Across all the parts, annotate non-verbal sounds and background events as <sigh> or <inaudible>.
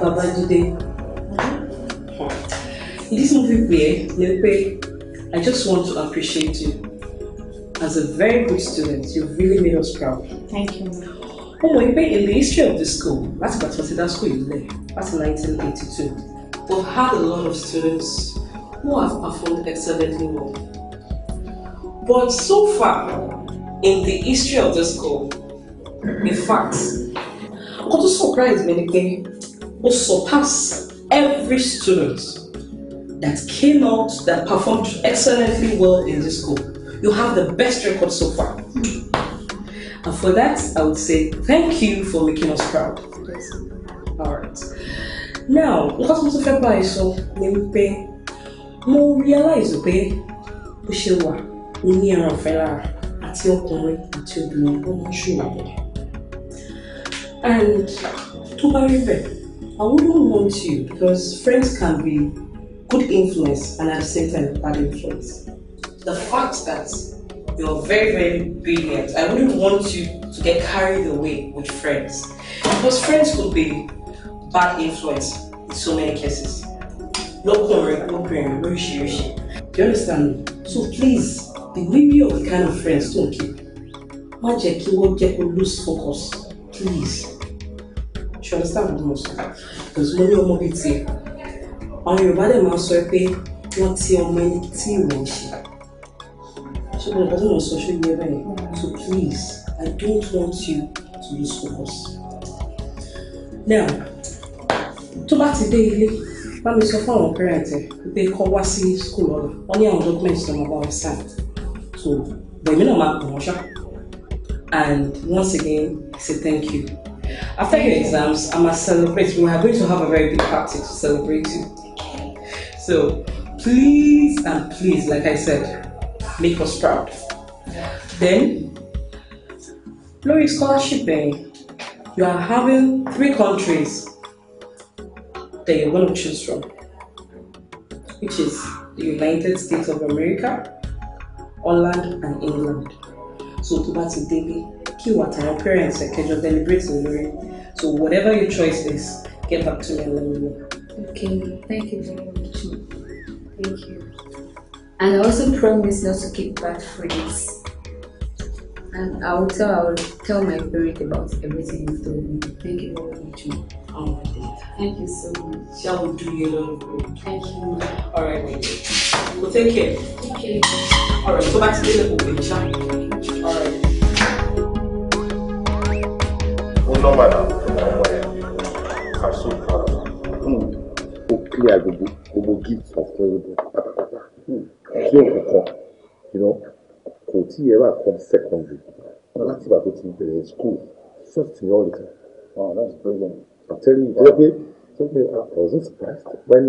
Babajide. This movie play, you play. I just want to appreciate you. As a very good student, you've really made us proud. Thank you. Ó you play in the history of the school, That's gbà tí say. ti dá school yìí lẹ̀, láti 1982, we've had a lot of students who have performed excellently well. But so far, in the history of the school, in fact, what was surprise, many things. who surpass every student that came out that performed excellently well in this school. You have the best record so far. And for that, I would say thank you for making us proud. All right. Now, because mo ti fẹ́ sọ we pay. mo realize pé pay. ṣe wà mo ní ẹran ọ̀fẹ́ lára àti ọkùnrin àti And tó bá rí I wouldn't want you because friends can be good influence and at the same time bad influence. The fact that you're very, very brilliant, I wouldn't want you to get carried away with friends. Because friends could be bad influence in so many cases. No current, no current, no issue, issue. Do you understand? So please, the way of the kind of friends don't keep. Magic, you won't get lose focus. Please. ṣe understand what mo sọ because mo ní ọmọ bíi tiẹ̀ àwọn Yorùbá dẹ̀ máa ń sọ pé wọ́n ti ọmọ ẹni tí ìwọ ń ṣe so but because mo sọ ṣé yẹ bẹ́ẹ̀ so please I don't want you to lose focus now tó bá ti dé ilé bá mi sọ fún àwọn parents ẹ pé kọ́ wá sí school ọ̀la wọ́n ní àwọn documents tó máa bá wọn sign so bẹ̀mí náà máa pọ̀ wọ́n ṣá and once again say thank you. After your exams, I must celebrate. We are going to have a very big party to celebrate you. So please and please, like I said, make us proud. Then, Lori Scholarship Day. Eh, you are having three countries that you're going to choose from, which is the United States of America, Holland, and England. So, to Daily you at our parents and can just deliberate on So whatever your choice is, get back to me and let me know. Okay, thank you very much. Thank you. And I also promise not to keep bad friends. And I will tell I will tell my parents about everything you told me. Thank you very much. thank you so much. I will do you a lot of good. Thank you. All right, Wendy. Well, take care. Take care. All right, So back to the level, nọ́mbà náà ọmọ ẹ̀ kàṣó fara. ó kílẹ̀ àgbègbè gbogbo gift ọ̀fun ewu pátápátá kí òkùnkàn kò tí ẹ wà kọ́ secondary láti ìgbà tó ti bẹ̀rẹ̀ school first in all the time. Wow, oh, that's brilliant. I'm telling you, wow. babe, I wasn't surprised when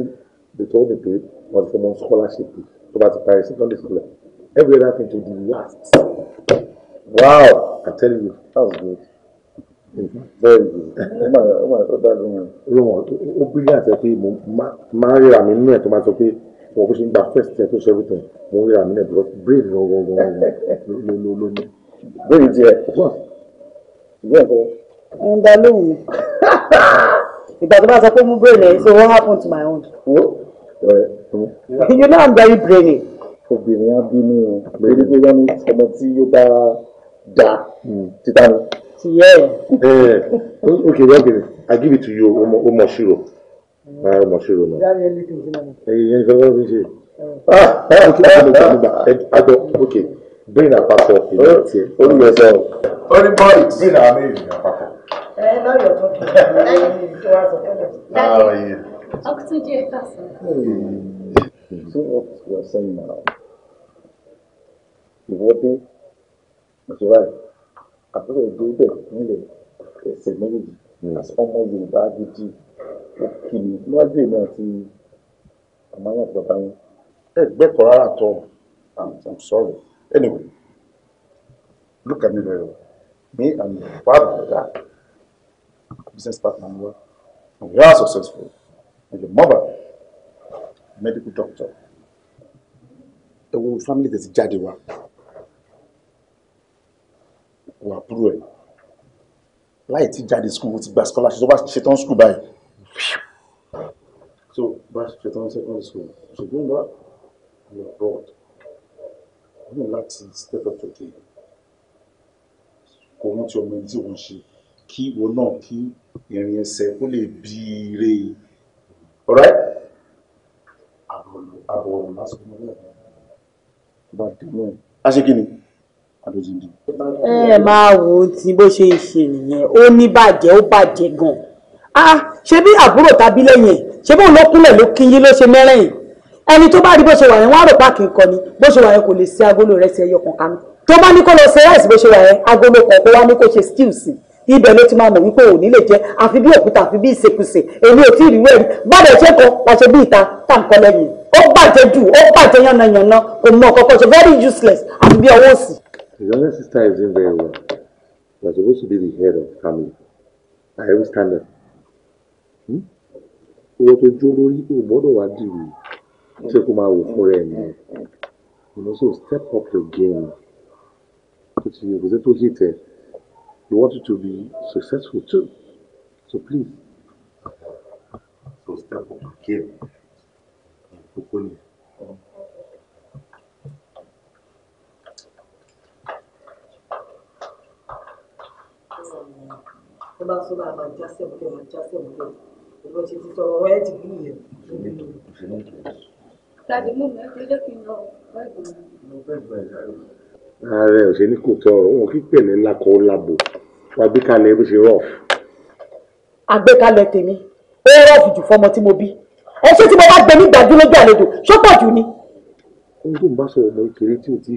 they told me, babe, was from one scholarship to about the Paris secondary school. Every other thing to the last. Wow, I'm telling you, that was good bẹ́ẹ̀ ni ó máa tó dá lóhùn. lóhùn ó bílí àti pé mo máa ń ríra mi nínú ẹ̀ tó máa sọ pé mo bó ṣe ń gba first step tó ṣe everything mo ń ríra mi nínú ẹ̀ because brain lọ wọ́n wọ́n wọ́n ló ló ní. brain tiẹ̀ ìgbẹ́ ẹ̀kọ́. ẹ̀ ń dá lóhùn mi <laughs> ìgbà tó bá sọ pé mú brain ẹ̀ so what happened to my own. you know I'm very brainy. obìnrin á bínú o pé nígbà tí ọmọ tí yóò bá dá hmm. títà ni yeah. Eh, okay okay i give it to you ọmọ ọmọ ṣírò ọmọ ṣírò náà. ẹyẹ yẹn fẹ́ wọ́n fi ṣe. Eh. ah ah kí ló dé gbà àjọ okay bẹ́ẹ̀ náà papọ̀ ìlú tiẹ̀. ó ní yẹn sọ. ó ní bọ́ọ̀lù tí ìlà àmì ìlú náà papọ̀. ẹ ẹ náà yọ̀ tó kí ẹ ẹ tó wá sọ tẹ́lẹ̀. Hmm. ọkùnrin So what you are saying now, ìwọ́dé, ìṣèwádìí àbúrò débẹ̀ nílẹ̀ ẹsẹ̀ méjì hmm. ọmọ yorùbá gidi òkìlì níwájú èmi àti àmọ́ àyàn àti bàbá yín ẹ gbẹ́kọ̀ọ́ rárá tọ́ I'm sorry anyway look at me very well me and my father oga business partner wa and we are successful and your mother medical doctor ẹ wo family tẹ̀sí jáde wa wà àbúrò ẹ̀ láì tí jáde school ó ti gba scholarship tó bá ṣetán school báyìí So, bá ṣetán second school ṣùgbọ́n bá lọ abroad wọ́n ní láti step up to the kò wọ́n ti ọmọ ẹni tí wọ́n ṣe kí ìwọ náà kí ìrìn ẹsẹ̀ ó lè bí ire ọ̀rẹ́ àbọ̀ ọ̀rọ̀ lásìkò náà bá dé mọ́ ẹ̀. a ṣe kí ni adójúndé. ẹ máa wo ti bó ṣe ń ṣe nìyẹn ó ní bàjẹ́ ó bàjẹ́ gan ah ṣé bí àbúrò tàbí lẹ́yìn ṣé bóun ló kúnlẹ̀ ló kí yín ló ṣe mẹ́rẹ̀yìn ẹni tó bá rí bó ṣe wà yẹn wọ́n á rò páàkì nǹkan ni bó ṣe wà yẹn kò lè ṣe agolo rẹ̀ sí ẹyọ kankan tó bá ní kó lọ ṣe rice bó ṣe wà yẹn agolo kan kó wá ní kó ṣe stew sí ibẹ̀ ló ti máa mọ̀ wípé òní lè jẹ́ àfi bí òkúta àfi bí ìṣekúṣe èmi ò tí ì rí wẹ́ẹ̀rí bàdẹ̀ ṣe kan pàṣẹ bí ìta tá nǹkan lẹ́yìn ó bàjẹ́ jù ó bàjẹ́ yánnayànna kò mọ kọ́kọ́ ṣe very useless àfi bí ọwọ́ òsì. His Honour's sister is doing very well. You are supposed to be the head of the family by every standard. Owó tó jó lórí o gbọ́dọ̀ wá dìrò tí kò máa wò fún rẹ̀ ni. You know so step up your game. Kò tí kò sí hit ẹ̀. You want it to be successful too. So please. So step up your game. Kókó ni. tó bá sọ báyìí máa já sẹ́wọ̀n kẹ́ máa já sẹ́wọ̀n kẹ́ ìwọ ṣe ti sọ̀rọ̀ wáyé ti bí ìyẹn. tàbí mú mi ẹgbẹ́ jẹ́ kí n lọ bẹ́ẹ̀ gbọ́n. ààrẹ ò ṣe ní kò tọ ọ̀rọ̀ wọn kí pè ní ńlá kan lábo wá gbé kalẹ̀ bó ṣe rọf. àgbékalẹ̀ tèmi ó rọf jù fọmọ tí mo bí ẹ ṣé tí mo bá gbẹ nígbà dúró bí àlejò ṣó pọ̀ jù ni. ohun tó ń bá sọ ọmọ ìkéré tí ò tí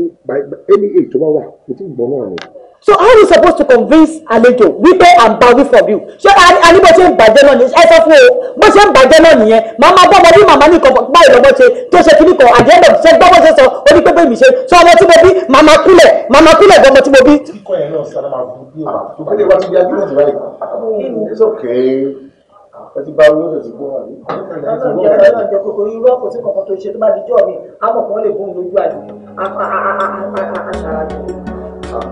ì gbọ́ ẹni èyí tó bá wà kò tí ì náà ni so how you supposed to convince àlejò wípé i'm bowing for you ṣé àní bó ṣe ń bàjẹ́ náà ni ẹ sọ fún o bó ṣe ń bàjẹ́ náà nìyẹn màmá bọ́ ọmọdé màmá nìkan báyìí lọ́mọ ṣe tó ṣe kíní kan àjẹ́ bẹ̀ ṣe gbọ́ bó ṣe sọ ó ní pé bẹ́ẹ̀ mi ṣe sọ ọmọ tí mo bí màmá kúlẹ̀ màmá kúlẹ̀ gan ọmọ tí mo bí. kíkọ́ yẹn náà sára máa fún bí o kò lè wá ti di agbẹ́lẹ̀ jù báyìí it's okay ẹtì bá olóòtú ti gbọ́ àbí. ìyá náà jẹ kòkòrò irú ọkọ tí kankan tó ṣe tó bá di jọ mi àwọn kan lè bóun lójú àdìyẹ àṣàrà àdìyẹ mo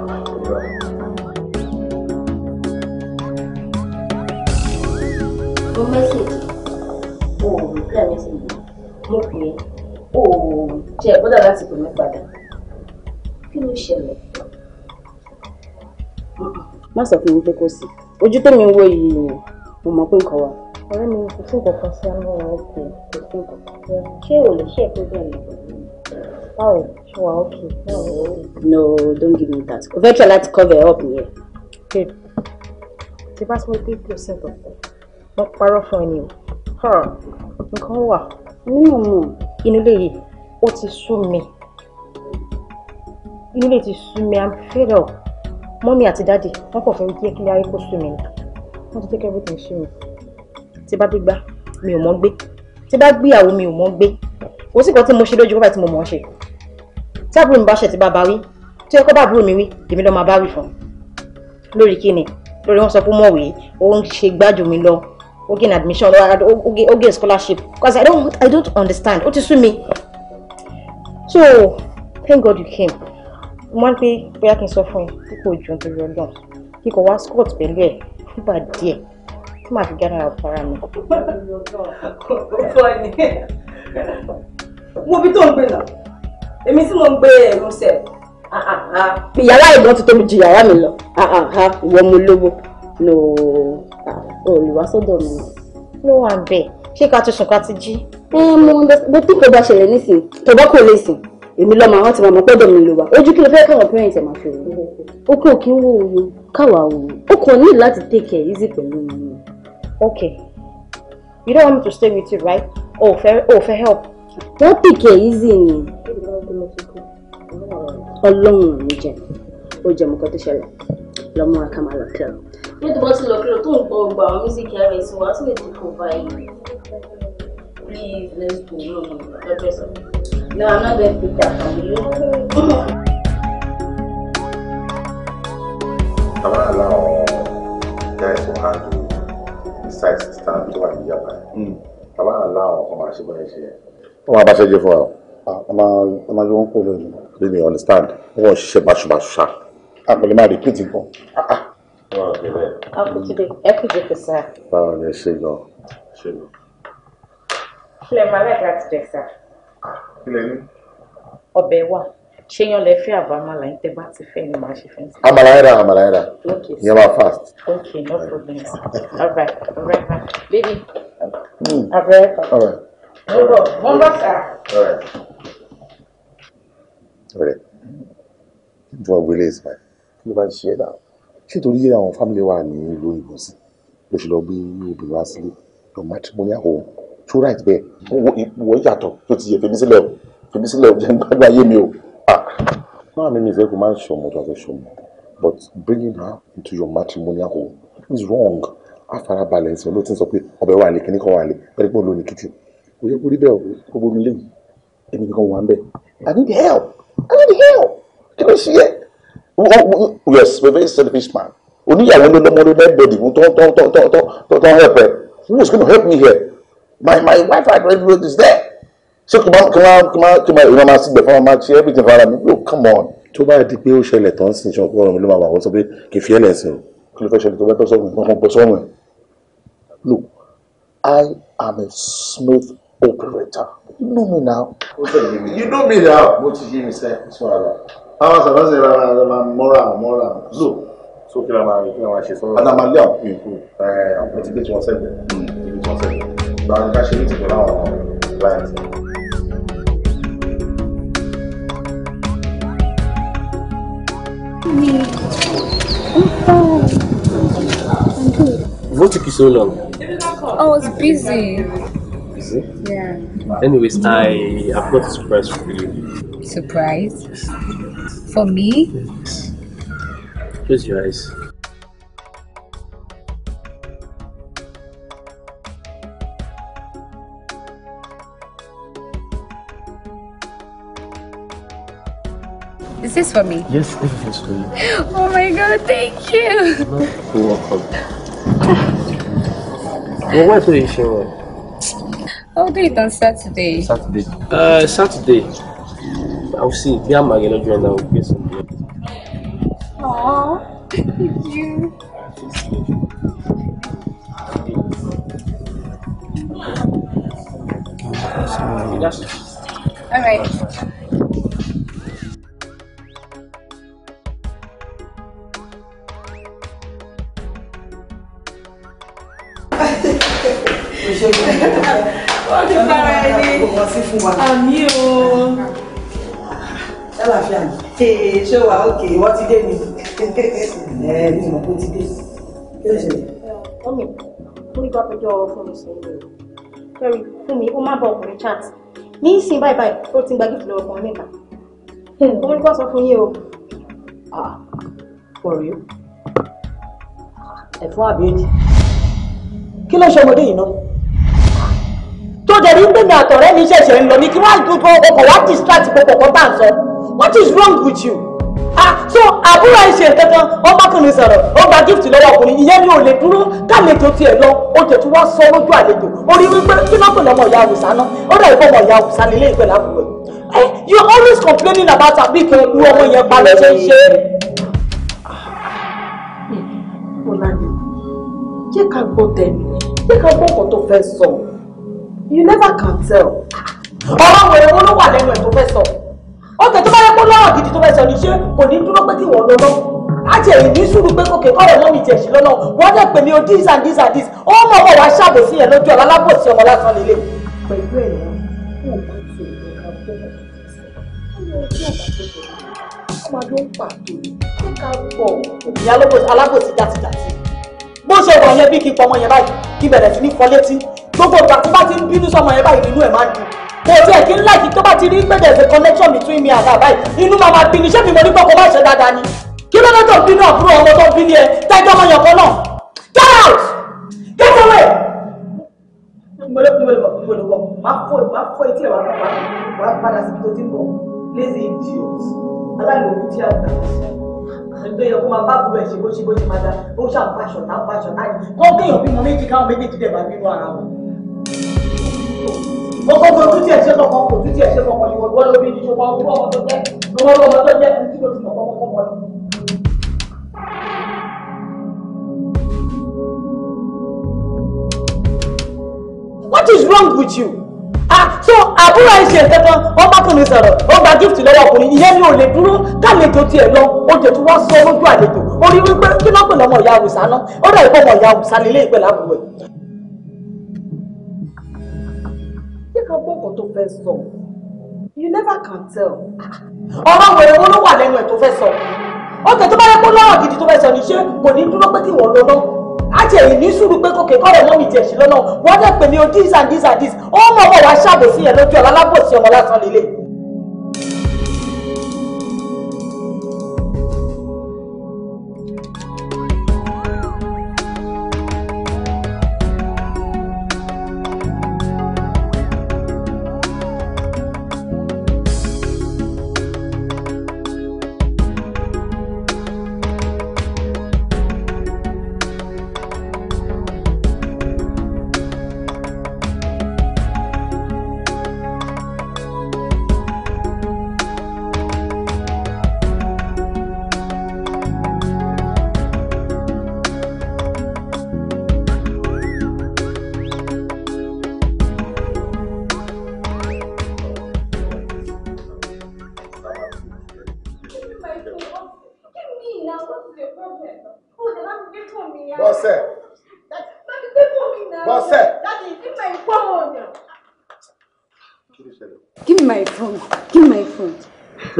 mẹ́sẹ̀jì o ò reply mẹ́sẹ̀jì mo pè é o ò jẹ́ bọ́dà láti pè mí padà kí ló ṣẹlẹ̀. má sọ fún mi pé kò sí ojú tó mi ń wò yìí ni mo mọ̀ pé nǹkan wà. ọ̀rẹ́ mi kò sí nǹkan sí àmọ́ ọ̀rẹ́ kò sí nǹkan ṣé o lè ṣe é pé bẹ́ẹ̀ ni. Oh, sure. okay. Oh, no, don't give me that. O fẹ́ cover up here. Okay. The bá sọ take your o set up, wọ́n parọ́ you. ẹni o. Nǹkan wà. Nínú mọ̀, inú ilé yìí, ó ti sú mi. Inú ilé I'm fed up. Mommy àti Daddy, wọ́n kàn fẹ́ jẹ́ kí ayé kó sú want to take everything sú mi. Tí bá gbégbá, mi ò mọ̀ gbé. Tí bá gbéyàwó, mi ò mọ̀ gbé. Kò sí nǹkan tí mo ṣe lójú bàbá tí mo tábùrù mi bá ṣe ti bá bá wí tí ẹ kọ́ bá bùrù mi wí èmi lọ́ọ́ máa bá wí fún un lórí kíni lórí wọn sọ fún mọ̀wé ó ń ṣe gbájú mi lọ ó gain admission ó gain scholarship because i don't i don't understand ó ti sú mi so thank god you came mo máa ń pé bóyá kí n sọ fún ẹ kí kò jù nítorí ọlọ́run kí kò wá scott pẹ̀lú ẹ fúgbà díẹ̀ kí màá fi gánà fara mi. <laughs> mo bí tó ń gbé náà èmi tí mo ń gbé ẹ̀rù sẹ̀. ìyàrá ah, ah, ah. ìbọn ti tóbi ju yàrá mi lọ ìwọ mo lówó lò ó olùwàsódò mi. ló wà bẹ́ẹ̀ ṣé ká tó sùn ká ti jí. ẹ eh, mo mo tí kò bá ṣẹlẹ̀ nísìnyí tó bá kò lè sìn èmi lọ́mọ àwọn tí wọn mọ̀ pẹ́ẹ́dọ̀ mi ló wà ojú kí ló fẹ́ káwọn parents ẹ̀ máa fi òun ó kàn kí n wo òun káwa òun ó kàn ní láti take care easy pẹ̀lú mi. okay you don't want me to stay with you right? o oh, fẹ́ oh, fẹ́ help topic easy ni ọlọ́run mi jẹ ó jẹ mọ́kọ́ tó ṣẹlẹ̀ lọ́mọ àkàmà lọ kẹrù. bí o tó bá ti lọ kẹrù tó ń gbọ́ ọgbà àwọn mísíkì ara ẹ̀sìn wa tó lè ti kó báyìí please let's go no no address am no i'm not going to take that from you. àwọn àlà ọ̀hún guys will handle the size stand tó wà níyàbá àwọn àlà ọ̀hún máa ṣe báyìí ṣe yẹn wọ́n máa báṣẹ́ jẹ́ fún wa ah, ọ máa lọ́wọ́ ń kó lórí. lórí mi understand wọ́n ṣiṣẹ́ báṣubàṣu ṣá. a kò lè máa repeat nǹkan. akùjìdè ah, ah. ẹ kù jẹ́ kẹsà. báwo ni ẹ ṣe gan. kílẹ̀ máa láì láti jẹ sá. kílẹ̀ ní. ọbẹ̀ wà ṣé yan lè fẹ́ àbá àmàlà yín tẹ́ bá ti fẹ́ ni màá ṣe fẹ́. àmàlà yẹn ra àmàlà yẹn ra yẹn máa fast. okay no problem all right all right baby. Mm. all right. All right mo bọ̀ sà. ọ̀rẹ́ ìdúrà gbélé ìsìn kí ló bá ń ṣe é náà ṣé torí àwọn fámìlì wa ní ìlú òyìnbó sí ló ṣe lọ gbé obìnrin wá sílé lọ matrimonial home tó right bẹ́ẹ̀ wọ́n yàtọ̀ tó ti yẹ fèmí sílẹ̀ o fèmí sílẹ̀ o jẹ́ gbàgbé ayé mi o. náà ah. mi mi fẹ́ kó máa ń ṣọmọ tó but bringing her into your matrimonial home is wrong balance, afarabalẹ̀ ẹ̀sìn olóòtú sọ pé ọbẹ̀ wà can kíní kan wà lè pẹ̀lú pé òun ló ní tútù kò yẹ kó o kó bomi lé yìí èmi nìkan wà ń i need help i need help kí ló ṣe yẹ. yes we very selfish man oníyàwó ló lọ́mọ ló lẹ́gbẹ̀ẹ́ dìbò tó tó tó tó tó tó tó help ẹ who is gonna help me here my my wife and my baby is there ṣé kí máa kí máa kí máa kí máa ìwọ́n máa sí gbẹ̀fọ́n máa ṣe everything fara mi yóò oh, come on. tó bá di pé ó ṣẹlẹ̀ tán sí ìṣàn kúrò mi ló máa wà wọ́n sọ pé kì í fi ẹlẹ̀ sí o. kí ló fẹ́ ṣẹlẹ̀ tó bá tọ́ sọ́run nǹkan bọ́ sọ́run ẹ̀ look i am a smooth operator you know me now. you know me now. mo ti yé mi sẹ́ sọ àlọ́. àwọn sọ̀rọ̀ sì rárá moral, moral. mọ́ra mọ́ra lò. so kí la máa kí la máa ṣe sọ́rọ̀. adamalé àwọn kò kú àwọn ti gbé tí wọ́n sẹ́gbẹ̀ẹ́ ibi mm. tí wọ́n sẹ́gbẹ̀ẹ́ gba ká ṣe mítìkì I'm good. What took you so long? I was busy. is it? Yeah. Anyways, I have got a surprise for you. Surprise? For me? Close your eyes. Is this for me? Yes, this is for you. Oh my god, thank you! You're welcome. well, what are you showing? I'll do it on Saturday. Saturday. Uh, Saturday. I'll see. Me and Maggie will join. I'll get some. Aww, thank you. All right. <laughs> ó ti fara ẹni àmì o. ṣálàfíà ni ṣé wà ókè ìwọ ti dé mi ẹ ní ìmọ̀ kó ti dé kí ló ṣe. mọ́mí ó ní bá pẹjọ́ fún mi sọ èdè fẹ́rí fún mi ó má bọ̀ ọkùnrin chat ní ìsìn báyìí báyìí ó ti ń gba gift lọ́wọ́ ọkùnrin mẹ́ta ó ní kó sọ fún yín o. ọ̀rẹ́ ah, ẹ̀fọn àbí èjì kí ló ṣe ọmọdé yìí náà tó dẹ̀ ní gbẹ̀mí àtọ̀rẹ́ mi ṣẹ̀ṣẹ̀ ń lọ ní kí wọ́n àìkú ọkọ̀ wá distract gbogbo ọkọ̀ tá à ń sọ what is wrong with you? ah so àbúrò àìṣe kankan ọmọkùnrin sọ̀rọ̀ ó gba gift lọ́wọ́ ọkùnrin ìyẹn ni ò lè dúró kálejò tiẹ̀ lọ ó tẹ̀ tí wọ́n sọ lójú àlejò orí wípé kí ló pè lọ́mọ ìyá àwùsá náà ó dà ìbọn ọmọ ìyá àwùsá nílé ìpè lábúrò ẹ eh, you always complaining about àbí kan irú ọmọ yẹn pa ló ṣe ń ṣe. Ah, ọ̀làdì jẹ́ ká gbọ́ tẹ̀mí jẹ́ ká gbọ́ ọkọ̀ tó fẹ́ sọ you never can tell. ọ̀rọ̀ wẹ̀rẹ̀ wọn ló wà lẹ́nu ẹ̀ tó fẹ́ sọ ọ̀tẹ̀ tó bá yẹ kó lọ́rọ̀ gidi tó fẹ́ sọ ní ṣé kò ní dúró pé kí wọ́n lọ lọ́wọ́ àti èyí ní sùúrù pé kòkè kọ́ ọ̀rọ̀ mi jẹ̀sí lọ́nà wọ́n dẹ̀ pè mí o this and this and this ó mọ̀ wọ́n wá ṣàbòsí yẹn lójú ọ̀la alábòsí ọmọ lásán nílé. pẹ̀lú ẹ̀ wọ́n kò bá ti ìrora fún ọmọ tó ń pàtó tó ká bọ̀ ìyá alábòsí jàtìjàtì bó ṣe wọ̀ yẹn bí kí pọmọ yẹn báyìí kí bẹ̀rẹ̀ sí ní kọ́ létí gbogbo ìgbà tó bá ti ń bínú sọmọ yẹn báyìí nínú ẹ̀ máa dùn kò tí ẹ̀ kí ń láìkí tó bá ti rí pé there is a connection between me and her báyìí inú máa ma bínú ṣé mi mo ní gbọ́kọ̀ bá ṣe dáadáa ni kí ló dé bínú àbúrò ọmọ tó bínú ẹ tẹ́jọ́ ọmọ yàn kan náà get out get away. mọ̀lẹ́kùnmọ̀lẹ́kùnmọ̀lẹ́kùn máa kó máa kó etí ẹ̀ wá padà síbi tó ti bọ̀ lazy idiot aláìlókù tí a gbà àgbẹ̀ yẹn kó máa bá gbogbo ẹ̀ ṣe bó ṣe ọkọ tó tún tiẹ̀ ṣe kọ̀kọ́ kò tún tiẹ̀ ṣe kọ̀kọ́ ìwọ ìwọ ló bí ní ṣọwọ́ ọmọ tó jẹ́ ọmọ ọmọ tó jẹ́ ẹni tí kò tún kọ̀kọ́ kọ̀kọ́ ni. What is wrong with you? Ah, so àbúrò ẹ ṣe nǹkan kan ọmọkùnrin sọ̀rọ̀ ó gba gift lọ́wọ́ ọkùnrin ìyẹn ni ò lè dúró kálejò tiẹ̀ lọ oúnjẹ tí wọ́n sọ lójú àlejò orí wípé kí lọ́pọ̀ lọ́mọ ìyá àwùsá náà ó dà ìbọn ìyá àwùsá nílé ìpẹ́lẹ̀ àbúrò ẹ̀. fẹ́ sọ you never can tell ọ̀rọ̀ wẹ̀rẹ̀ wo ló wà lẹ́nu ẹ̀ tó fẹ́ sọ ọ̀tẹ̀ tó bá yẹ kó lọ́rọ̀ gidi tó fẹ́ sọ ní ṣé kò ní dúró pé kí wọ́n lọ́nà àti èyí ní sùúrù pé kòkè kọ́rọ̀ mọ́mì tiẹ̀ sí lọ́nà wọ́n dẹ̀ pè o oh, this and this and this ó mọ̀ mọ̀ wá ṣàbòsí yẹn lójú ọ̀la lábòsí ọmọ lásán lílé.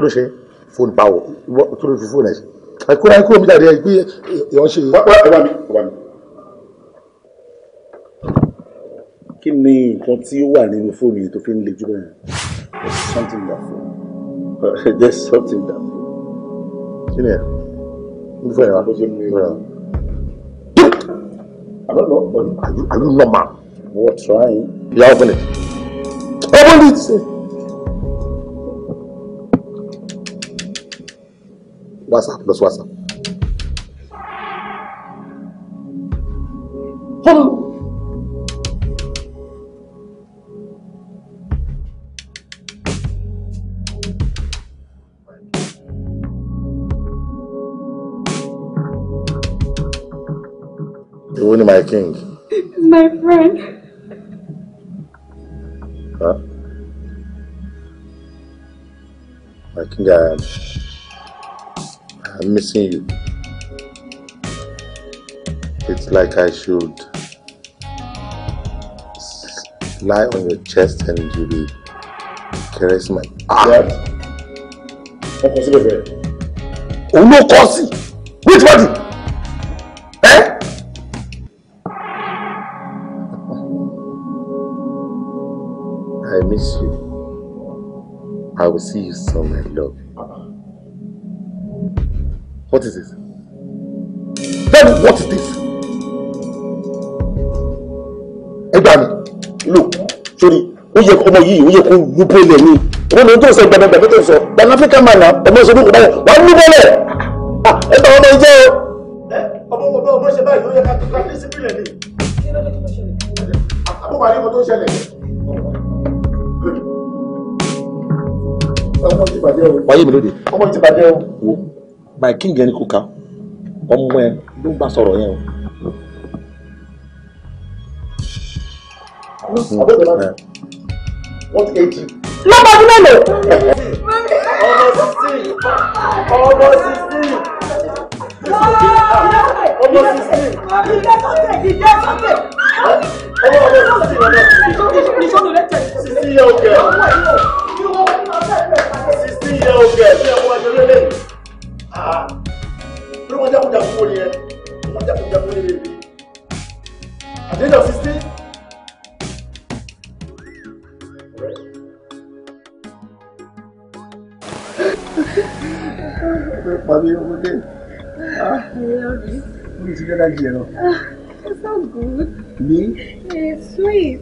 kí ló ṣe fóònù báwo kí ló fi fóònù ẹ̀ ṣe ẹ̀kúrẹ́ ẹ̀kúrẹ́ mi jáde ẹ̀ pé ìyọ̀ ṣe. ẹ wá mi ẹ wá mi. kí ni nǹkan tí ó wà nínú fóònù yìí tó fi ń le jù bẹ́ẹ̀ something that phone <laughs> there's something that phone. kí ni ẹ n fẹ́ ra bó ṣe mú ẹ. àbá lọ bọ̀ ni. are you normal. were trying. ìyá open it. open it. WhatsApp lọ WhatsApp. Èwo ni my king. My friend. Huh? My king I am. I'm missing you. It's like I should lie on your chest and you be caress my. What? Wọ́n kọ síbẹ̀ bẹ́ẹ̀. Òun Which body? Ẹ́. Eh? I miss you. I will see you soon, my love. What is this? Tell me, what is this? Ẹ look, sorry, ó yẹ ọmọ yìí, ó yẹ kó lu bọ́ọ̀lù ẹ̀mí. Wọ́n ní do ń sọ gbàgbàgbà tó ń sọ, gbàgbà Africa man náà, ọmọ ìṣòro kò báyọ̀, wà á lu bọ́ọ̀lù ẹ̀. Ah, ẹ bá ọmọ ìjẹ́ o. Ọmọ ọmọ ọmọ ṣe báyìí, ó yẹ ká tó ká sí ìpínlẹ̀ ni. Abu, àríwọ̀ tó ń ṣẹlẹ̀. Ọmọ ti bàjẹ́ o. Wáyé mi lóde. Ọmọ ti bàjẹ́ o by king ẹni kò ká ọmọ ẹ ló ń bá sọ̀rọ̀ yẹn o. lọ́ba ọdún mélòó. ọmọ sixteen ọmọ sixteen ọmọ sixteen. ìjẹ́ sọ́tẹ̀ ìjẹ́ sọ́tẹ̀. ọmọ ọmọ sixteen ọmọ sixteen year old girl sixteen year old girl bí ọmọ ẹgbẹ́ lélẹ́yìn. Ah. ló wọ́n jákujàku wò nìyẹn wọ́n jákujàku wò nìyẹn at the age of sixteen. Ọ̀pẹ pàdé ọmọdé. Ah, I love you. What is it that I hear? It's so good. Me? Eh, It's sweet.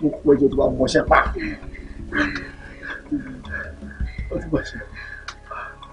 Mo pọ̀ jù tó bá bọ̀ ṣẹ́ pa. Ah. Ó ti bọ̀ ṣẹ́.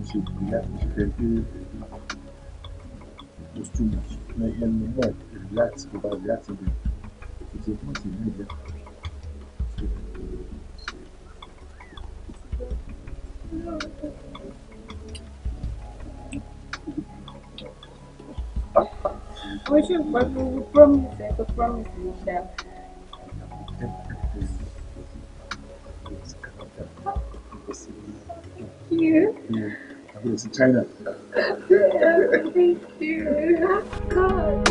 Düşük günler müfreddi the students may help me help relax without the accident. It's a much immediate. We should, but we promise, I could promise you that. Thank you. Yeah. I'm going to China. yeah, thank you. God.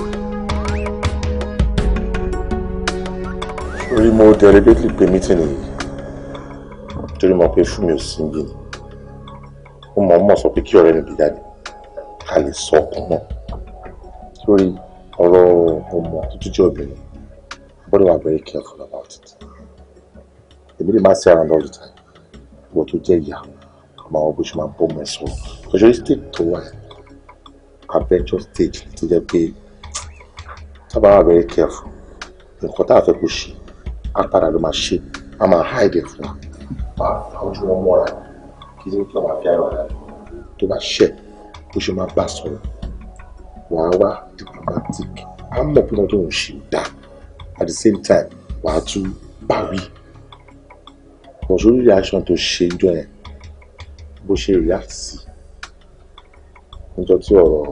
Sorry, mo deliberately pe meeting yìí. Torí mo pe fún mi ò sí bí ni. Ó mọ̀ mọ̀ sọ pé kí ọ̀rẹ́ mi bì jáde. Ká lè sọ ọkàn náà. Sórí ọ̀rọ̀ ọmọ tó jẹ́ obìnrin. Bọ́dọ̀ wà very careful about it. Èmi lè má sí around all the time. Ìwọ tó jẹ́ ìyàwó máa wọ bó ṣe máa bọ́ mọ̀ ẹ̀ sọ̀rọ̀ ọ̀ṣọ́rí state tó wà abẹ́jọ́ stage ti jẹ́ pé tábà wà very careful nǹkan tá a fẹ́ kó ṣe á padà ló máa ṣe á máa hide ẹ̀ fún wa àwùjọ wọn mọ́ra kí ló kí ọba fi àyọ̀ rẹ̀ tó bá ṣẹ̀ bó ṣe máa bá sọ̀rọ̀ wàá wá diplomatic á mọ̀ pé wọ́n tó ń ṣe dáa at the same time wàá tún bá wí ọ̀ṣọ́rí reaction tó ṣe ń jọ yẹn bó ṣe react sí níjọ́ tí ọ̀rọ̀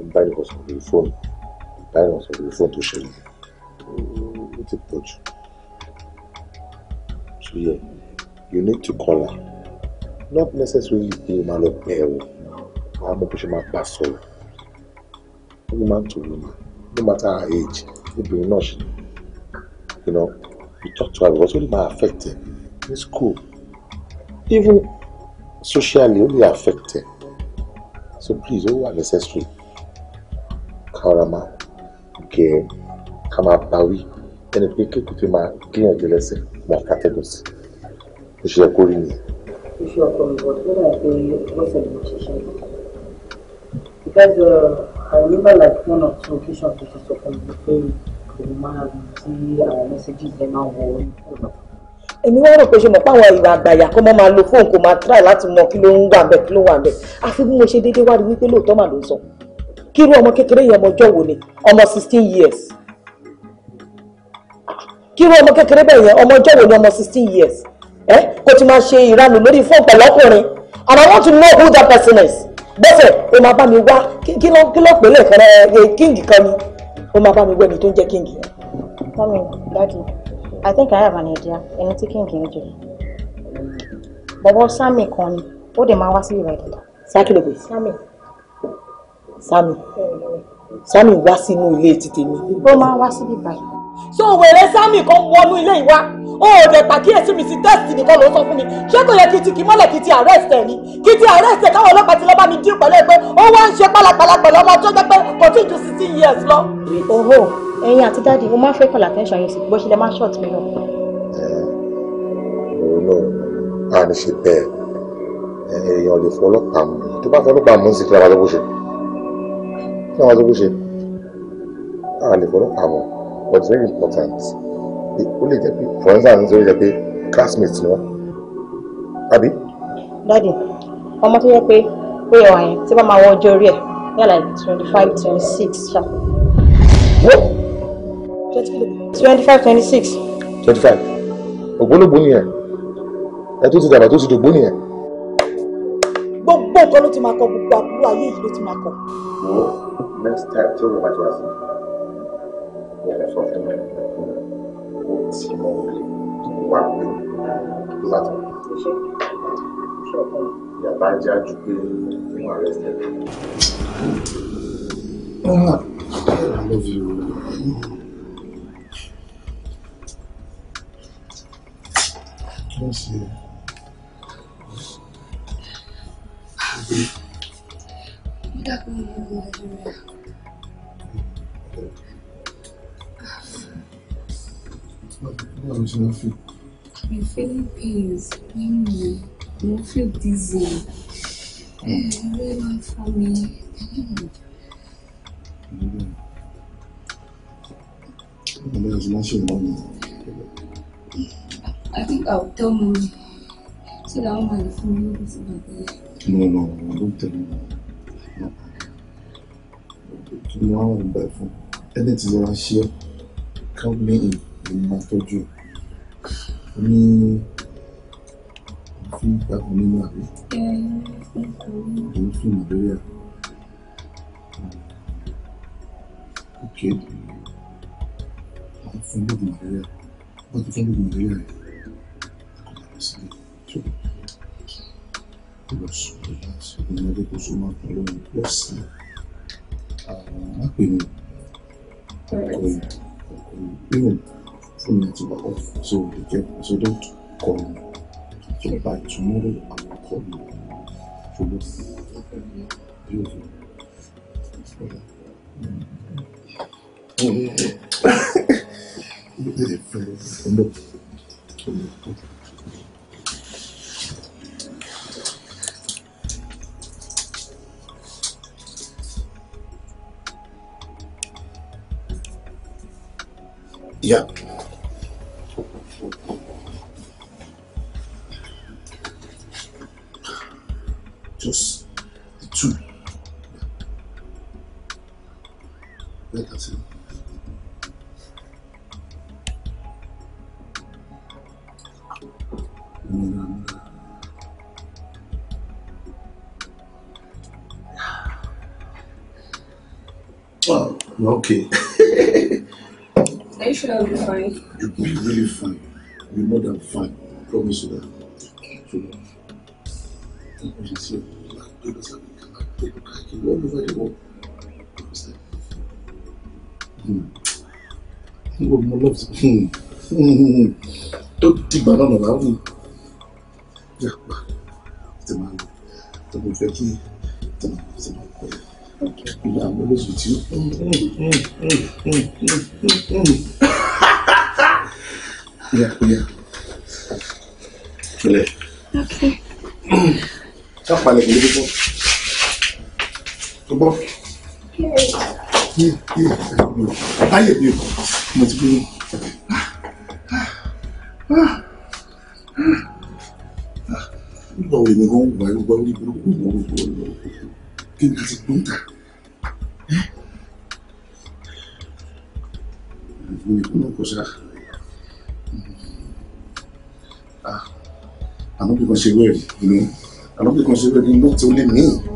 ìbánisọ̀rọ̀ lórí fóònù ìbánisọ̀rọ̀ lórí fóònù tó ṣẹlẹ̀ ó ti pọ̀ jù so yeah you need to call her not necessarily pé o máa lọ bẹ̀ ẹ́ o àwọn ọmọ bó ṣe máa bá sọ̀rọ̀ woman to woman no matter her age obìnrin náà ṣe you know you talk to her because ó lè máa affect ẹ ní school even socially ó lè so please ó wà necessary kára máa gẹ ká and báwí ẹni pé kéèkù fi máa gbìyànjú lẹ́sẹ̀ máa kàtẹ́gùn sí ó ṣe yẹ kó rí nìyẹn. iṣẹ́ ọkọ mi bọ̀ tó dà pé lọ́sẹ̀ ni mo ṣiṣẹ́ because uh, I remember like one or two occasions tó ti sọ fún mi pé òun máa ti àwọn uh, messages ẹ̀ máa wọ orí kúrò èmi wá rò pé ṣe mọ̀ pé àwọn ìwà àgbàyà kọ́ mọ́ máa lo fóònù kò máa try láti mọ kí ló ń wà bẹ́ẹ̀ kí ló ń wà bẹ́ẹ̀ àfi bí mo ṣe déédéé wá rí wípé lóòótọ́ mà ló ń sọ kí irú ọmọ kékeré yẹn ọmọ ọjọ́ wo ni ọmọ sixteen years kí irú ọmọ kékeré bẹ́ẹ̀ yẹn ọmọ ọjọ́ wo ni ọmọ sixteen years ẹ kó ti máa ṣe ìranù lórí fóònù pẹ̀lú and I want to know who that person is bẹ́sẹ̀ o máa bá mi wá kí ló kí ló pè lè fẹ́rẹ́ king kan ni o máa bá mi wẹ́ni tó ń jẹ́ king yẹn. I think I have an idea. Ẹni tí kì í kì í jù. Bọ̀bọ̀ Sami kan ni, ó dẹ̀ máa wá sí ìwà ìdàgbà. Sákìlẹ̀ bẹ̀. Sami. Sami. Sami wá sínú ilé títí mi. man máa wá síbi báyìí. So when Sami come wọnú ilé ìwá. O ò dẹ̀ pàkíyèsí mi sí tẹ́sítì nìkan ló sọ fún mi. Ṣé kò yẹ kí ti kì í mọ́lẹ̀ kí ti arrested ẹ̀ ni? Kí ti arrest ẹ̀ káwọn ọlọ́pàá ti lọ́ bá mi dín pẹ̀lú ẹ pé ó wá ń ṣe pálapàla pẹ̀lú ọmọ tó jẹ́ years lọ. Oho ẹ̀yin àti dáàdi mo máa ń fẹ́ kàn látẹ́ńṣọ̀ yẹn sí bó ṣe lè má ṣọ̀t mi lọ. òun náà a ní ṣe bẹ́ẹ̀ èèyàn lè fọlọ́pàá mú tó bá fọlọ́pàá mú sí kí làwọn àdókò ṣe kí làwọn àdókò ṣe a lè fọlọ́pàá mú but it's very important ó lè jẹ́ pé for instance nítorí jẹ́ pé classmates ni wọ́n àbí. dáàdi ọmọ tó yẹ pé pé ọ̀hún tí wọ́n máa wọ ọjọ́ orí ẹ̀ yàrá twenty five twenty six ṣáà twenty five twenty six. twenty five ògbólógbòó nìyẹn ẹ tó ti dàgbà tó ti dògbó nìyẹn. gbogbo nǹkan ló ti máa kọ gbogbo àbúrò ayé yìí ló ti máa kọ. next time tí ó rẹ̀ bá ti wá sí i ẹ̀rẹ̀ sọ fún mi kó tí mo lè wá pé kí bá tán. ìyàbá jẹ́ àjù I love you. stress yẹn. How is your feel? I'm feeling pains, pain, I feel dizzy. Eh, real life for me. Mm. Yeah. There's nothing wrong. I think I'll tell mommy so that one might feel a little bit better. No, no, no, don't tell me. No. Kí ni wọ́n wà nígbà fún? Ẹni tí lọ́ra ṣe ká ní ìlú máa tọ́jú ní fún ìgbàgbọ́ nínú àbí. Ẹ̀ẹ́dẹ́gbẹ̀rún. Èyí fún malaria. Okay. Àwọn fún ìlú malaria. Wọ́n ti fún ìlú malaria yìí. plus eight ìyẹn ló kó súnmọ́ pẹ̀lú ohun plus nine má pè mí ọkọ yìí ọkọ yìí fún mi ti wà off so we get so don't call me so by tomorrow I will call you ṣùgbọ́n bí o fi ọ̀la ọ̀la ọ̀la ọ̀la ọ̀la ọ̀la. Yeah. Just the two. Let us see. Oh, okay. <laughs> sure I'll be fine? You'll be really fine. You'll be more than fine. I promise you that. So, thank you, sincere. Like, do this, I can take a crack all over the world. Níbo mo lọ sí? Tó ti gbà náà lọ́la wù. Yàgbà tí màá lọ, tí mo fẹ́ kí tí màá lọ sí máa pẹ̀lú. Ìyá àwọn olóṣù tí ó. Kulia, kulia. Kulia. Okay. Tá falando comigo, pô. Tá bom? Ayé mi o, mo ti bínú. Nígbà wo ni wọ́n ń wà lọ́gbà orí burúkú mọ́ gbogbo ọ̀rọ̀ kí ni a ti gbóǹ ta? Ìgbìmọ̀ ìkúnnà kò sáà. people can say, you know, and not people can say, well, not only me.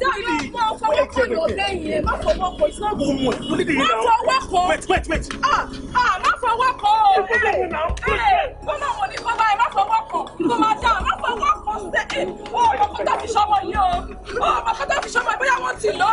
dáàdì má fọwọ́ kan wait wait wait ah ah má fọwọ́ kan o ẹ ẹ ó máa wọ̀ ní bàbá ẹ má fọwọ́ eh, oh, kan kó máa dá fi ṣọmọ yìí o oh, ó ti lọ.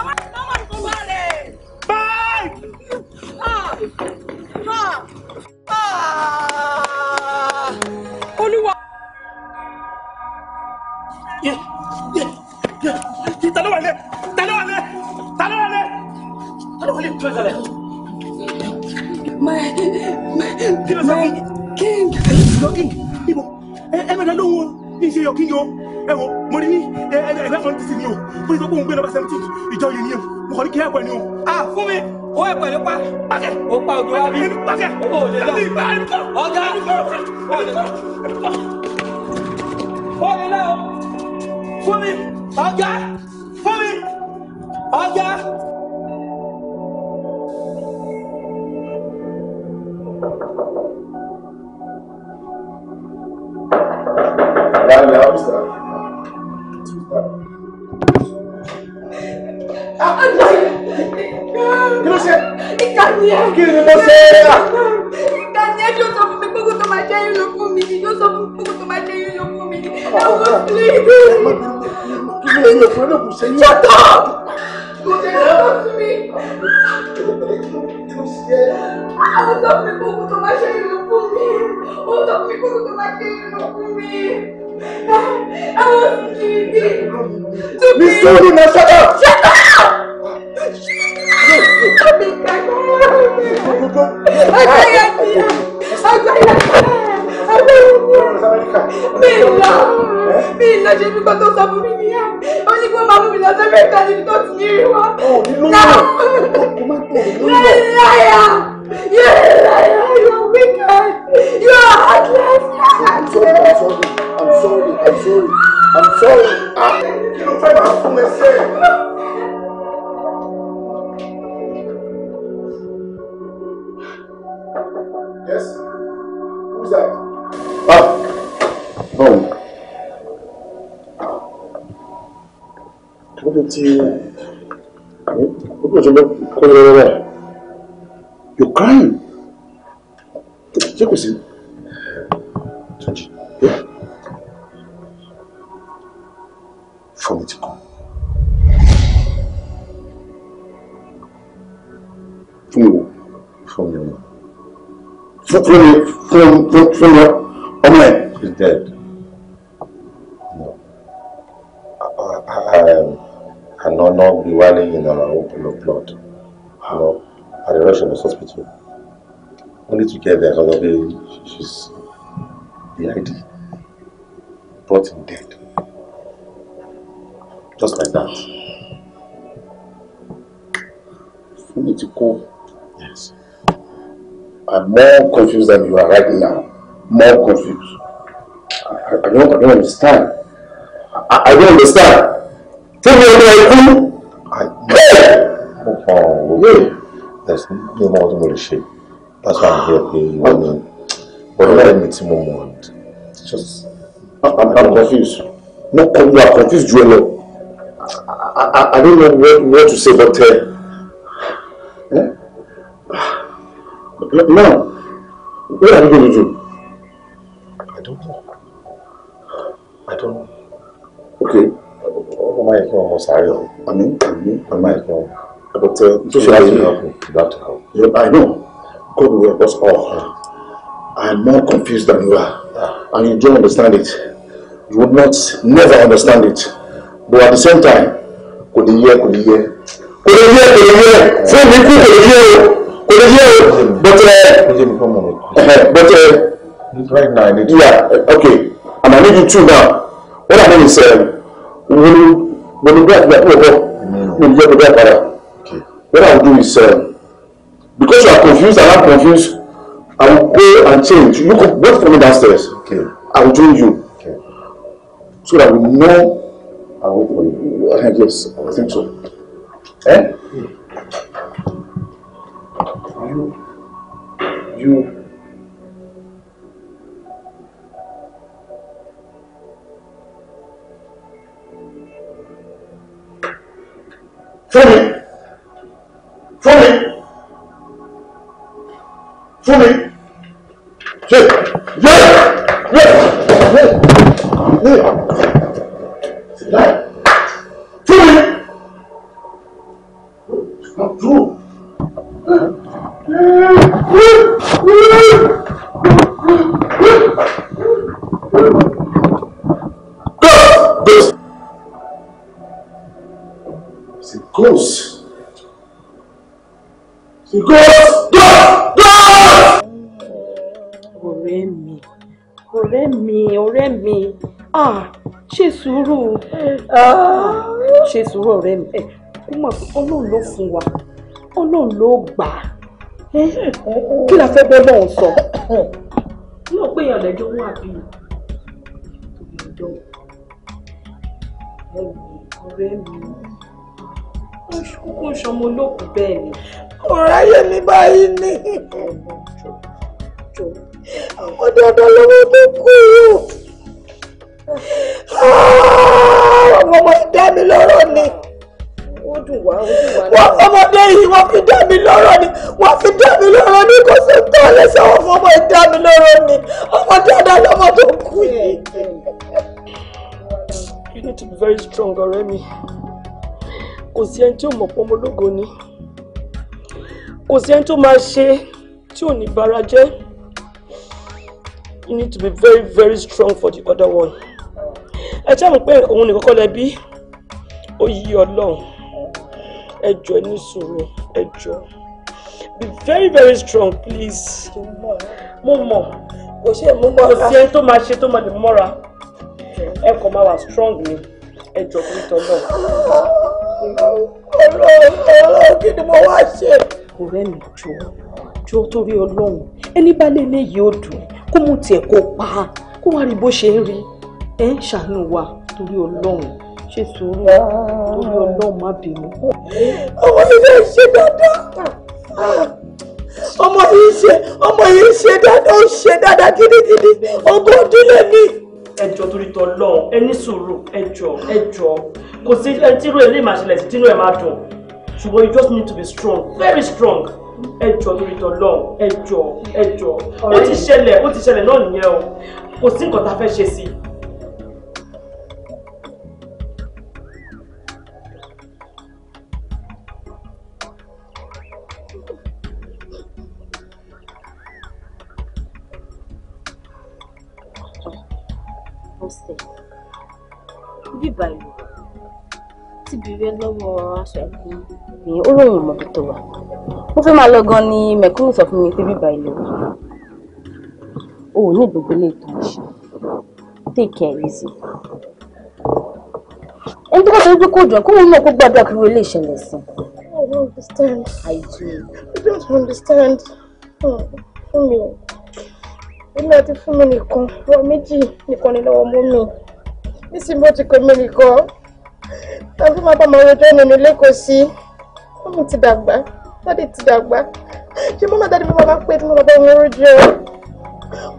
my king. your king ibo ẹ mẹ́ta ló ń wo kí n ṣe your king o ẹ wo mo ní ẹgbẹ́ kan ti sì ní o fún ìsọpọ̀ òun gbé nọ́mbà seventeen ìjọ yìí ni o mo kàn ní kí ẹ pẹ̀lú o. a fún mi o ẹ pẹ̀lú pa pàkẹ́ o pa òjò wa bí pàkẹ́ o lè lọ ọ̀gá o lè lọ. kótó ti kótó ti lọ kó lọ rẹ you're crying ṣé kò sí fọmi ti kàn fún mi wò fún mi wò fún mi fún mi fún mi. them you are right now more confused. I, I, don't, I don't understand. I, I don't understand. Tell me what I do. I no. Oh, okay. Yeah. There's no more than what shape. That's why I'm here playing you on But let me team moment. Just I'm, I'm confused. No, you are confused, Joel. I, I, I don't know what, what to say, but uh, yeah? no. What are you going to do? I don't know. I don't know. Okay. Ọmọ máa yẹ kí ọmọ I mean, I mean, am I yẹ kí ọmọ. But uh, so she has to help me. You have to help. Yeah, I know. God will help us all. I'm more confused than you are. Ah. And you don't understand it. You would not never understand it. But at the same time, could lè yẹ kò lè hear, could lè yẹ kò lè hear. Fún mi kú kò lè It is you. But uh, but uh, right now Yeah. Okay. And I need you too now. What I mean is, um, when you when you get that over, mm. when you get that Okay. What I will do is, um, because you are confused and I'm confused, I will go and change. You could wait for me downstairs. Okay. I will join you. Okay. So that we know. I will Yes, I think so. Eh? Yeah. Mm you, you, fún mi fún mi fún mi Ah, ṣe sùúrù ọ̀rẹ́ mi kó eh, mọ̀ pé ọlọ́run ló fún wa ọlọ́run ló gbà á eh, kí la fẹ́ bẹ́ẹ̀ lọ́hùn sọ. ní òpin èèyàn lẹ́jọ́ wọn àbí ìdòwò ọ̀rẹ́ mi kúkú sọmọ olókùn bẹ́ẹ̀ ni. ọ̀rọ̀ ayé mi báyìí ni. ọmọdé ọdọ lọ́wọ́ tó kú yóò. Ah, ọmọ ọmọ ìdá mi lọ́rọ̀ ni wọ́n fọmọdé yìí wọ́n fi dá mi lọ́rọ̀ ni wọ́n fi dá mi lọ́rọ̀ ni kò sí tó lẹ́sẹ̀ wọ́n fọmọ ìdá mi lọ́rọ̀ ni ọmọ dáadáa lọ́mọ tó kú yìí. you need to be very strong ọ̀rẹ́ mi kò sí ẹni tí ò mọ̀ pọ́n mo lógo ni kò sí ẹni tó máa ṣe tí ò ní bara jẹ́ you need to be very very strong for the other one ẹ jẹ́ mọ̀ pé òun nìkan kọ́ lẹ bí ọlọ́run ẹ ní sùúrù ẹ be very very strong please mo mọ̀ kò sí ẹ̀ mú mọ́ra kò sí tó máa ṣe tó máa lè mọ́ra ẹ kàn máa wà strong ni ẹ jọ̀ọ́ kí n tọ́ lọ. ọlọ́run ọlọ́run kí ni mo wá ṣe. ọ̀rẹ́ mi jọ̀ọ́ jọ̀ọ́ torí ọlọ́run ẹni bá lè léyìí ó dùn kó mú tiẹ̀ kó pa kó wá rí bó ṣe ń rí i ẹ ń ṣàánú wa torí ọlọ́run ṣe sùúrù torí ọlọ́run má bínú. ọmọ mi lè ṣe dáadáa ọmọ yìí ṣe ọmọ yìí ṣe dáadáa ó ṣe dáadáa gidigidi ogún ọdún lè mí. ẹjọ torí tọ lọhùn ẹ ní sùúrù ẹjọ ẹjọ kò sí ẹni tí irú ẹ lè máa ṣẹlẹ̀ sí tínú ẹ máa dùn ṣùgbọ́n you just need to be strong very strong ẹjọ torí tọ lọhùn ẹjọ ẹjọ ó ti ṣẹlẹ̀ ó ti ṣẹlẹ̀ náà nìyẹn o kò sí nǹkan tá a fẹ́ ṣe sí i. má sọ ẹ̀kún mi ó lóun ò mọ̀bi tó wà ó fẹ́ máa lọ gan ni mẹ̀kúnnù sọ fún mi pé bíbá ilé wa ò ní gbogbo ilé ìtàn ṣe take care easy ẹni tó kọ́ sọ pé kò jọ kó wọn náà kó gbàdúrà kí wọ́n lè ṣẹlẹ̀ sí i. I don't understand. I do. I don't understand. Fún mi o. Ilé àti fún mi nìkan, wọ́n méjì nìkan ni lọ́wọ́ mú mi. Nísìnyí mo ti kọ́ mi nìkan tàbí máa bá máa rojọ́ ẹnu mi lẹ́kọ̀ọ́ sí mọ́mí ti dàgbà dáàdì ti dàgbà ṣé mọ́mí dáàdì mi máa bá pé tí mo bàbá mi rojọ́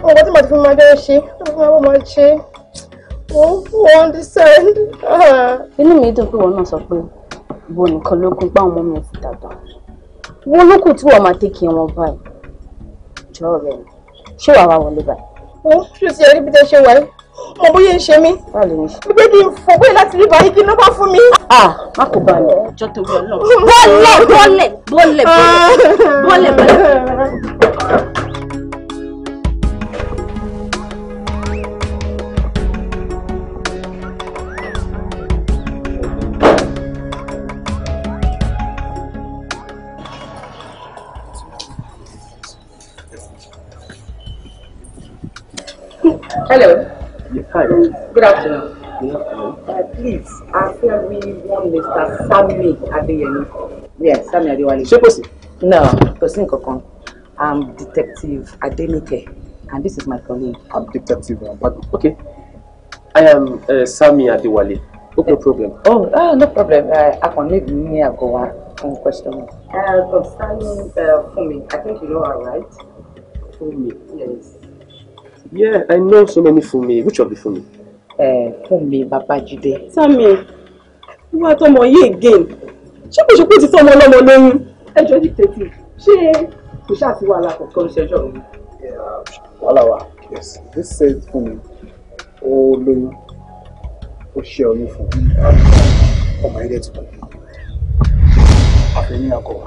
ọ̀gá tí màá ti fi máa jẹ́ ṣe tí mo bá máa ṣe wọ́n wọ́n understand. <laughs> inú mi dùn pé wọn náà sọ pé wo nìkan ló kún páwọn mọ́mí ti dàgbà wo ló kù tí wọ́n máa tẹ́kì wọn báyìí jọ̀ọ́ rẹ̀ ṣé wàá wá wọlé báyìí. ó ṣùtì ẹ̀rí bí mo bóyá ń ṣe mí gbígbé kí n fò bóyá láti rí báyìí kí n ló bá fún mi. má kò bá mi jọ tó wí bọ́lẹ̀ bọ́lẹ̀ bọ́lẹ̀ bọ́lẹ̀ bọ́lẹ̀. Hello. Good afternoon. Uh, please, I feel we want Mr. Sammy Adeyemi. Yes, Sammy Adewale. Ṣé kò sí? No, kò sí nǹkankan. I'm Detective Adenike and this is my colleague. I'm Detective Ambadu. Okay. I am uh, Sammy Adewale. Okay, no problem. Oh, oh no problem. Uh, I can leave me and go on question. Uh, concerning uh, Fumi, I think you know her, right? Fumi, yes. Yeah, I know so many Funmi. Which of the Funmi? Eh, Baba Babajide. Sami, wá tọmọ yìí again. Ṣé kò ṣe pé ti fọmọ ọlọ́mọ lóyún? Ẹjọ́ ní take it. She, ṣáà sí see kankan ṣẹjọ́ mi? Wàhálà wa. Yes, this said Funmi, ó lóyún, ó ṣe oyún fún ọmọ ẹ̀dẹ̀ tuntun. Àfẹ́yìn akọ̀wà.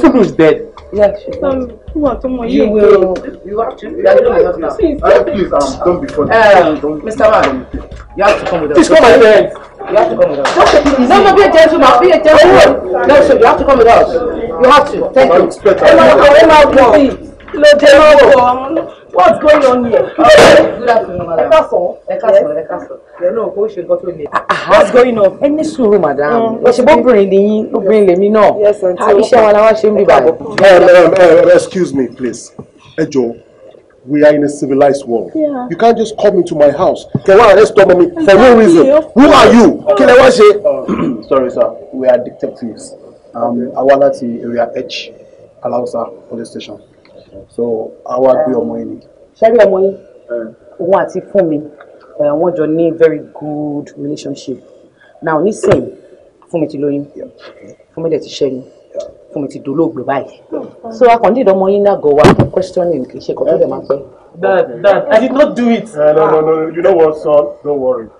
Tulu's dead. Yeah, she's um, what, you will. You have to. you have now. Uh, please, um, don't be funny. Um, don't, Mr. Man, you have to come with us. Please come here. You have to come with us. No, no, be a gentleman. Be a gentleman. Oh, no, sir, you have to come with us. You have to. Thank you. Emma, Emma, please ló dé lọ́wọ́ what's going on here. ẹ ká sọ ẹ ká ẹ náà kó ṣe nǹkan tó le. Ah, ah, what's going on. ẹ ní sùúrù madam òṣèbó mm. obìnrin nìyí obìnrin lèmi náà ah, iṣẹ́ wa la wá ṣe ń bí bàbá. Eh, eh, eh, excuse me please ẹ jọ̀ọ́. We are in a civilized world. Yeah. You can't just come into my house. Can one arrest stop me for no reason? Who are you? Can I wash it? Sorry, sir. We are detectives. Um, Awala area H, Alausa police station so àwa gbé ọmọ yìí ni. ṣẹ́rí ọmọ yìí òun àti fún mi wọ́n jọ ní very good relationship now nísìnyí fún mi ti lóyún fún mi dẹ̀ ti ṣẹ́yìn fún mi ti dolóògbé báyìí so akàndí ìdánmọ yín náà gọ wa questioning kì í ṣe kọ́ tó pẹ́. dad dad i did not do it. Uh, no no no you know what son don't worry.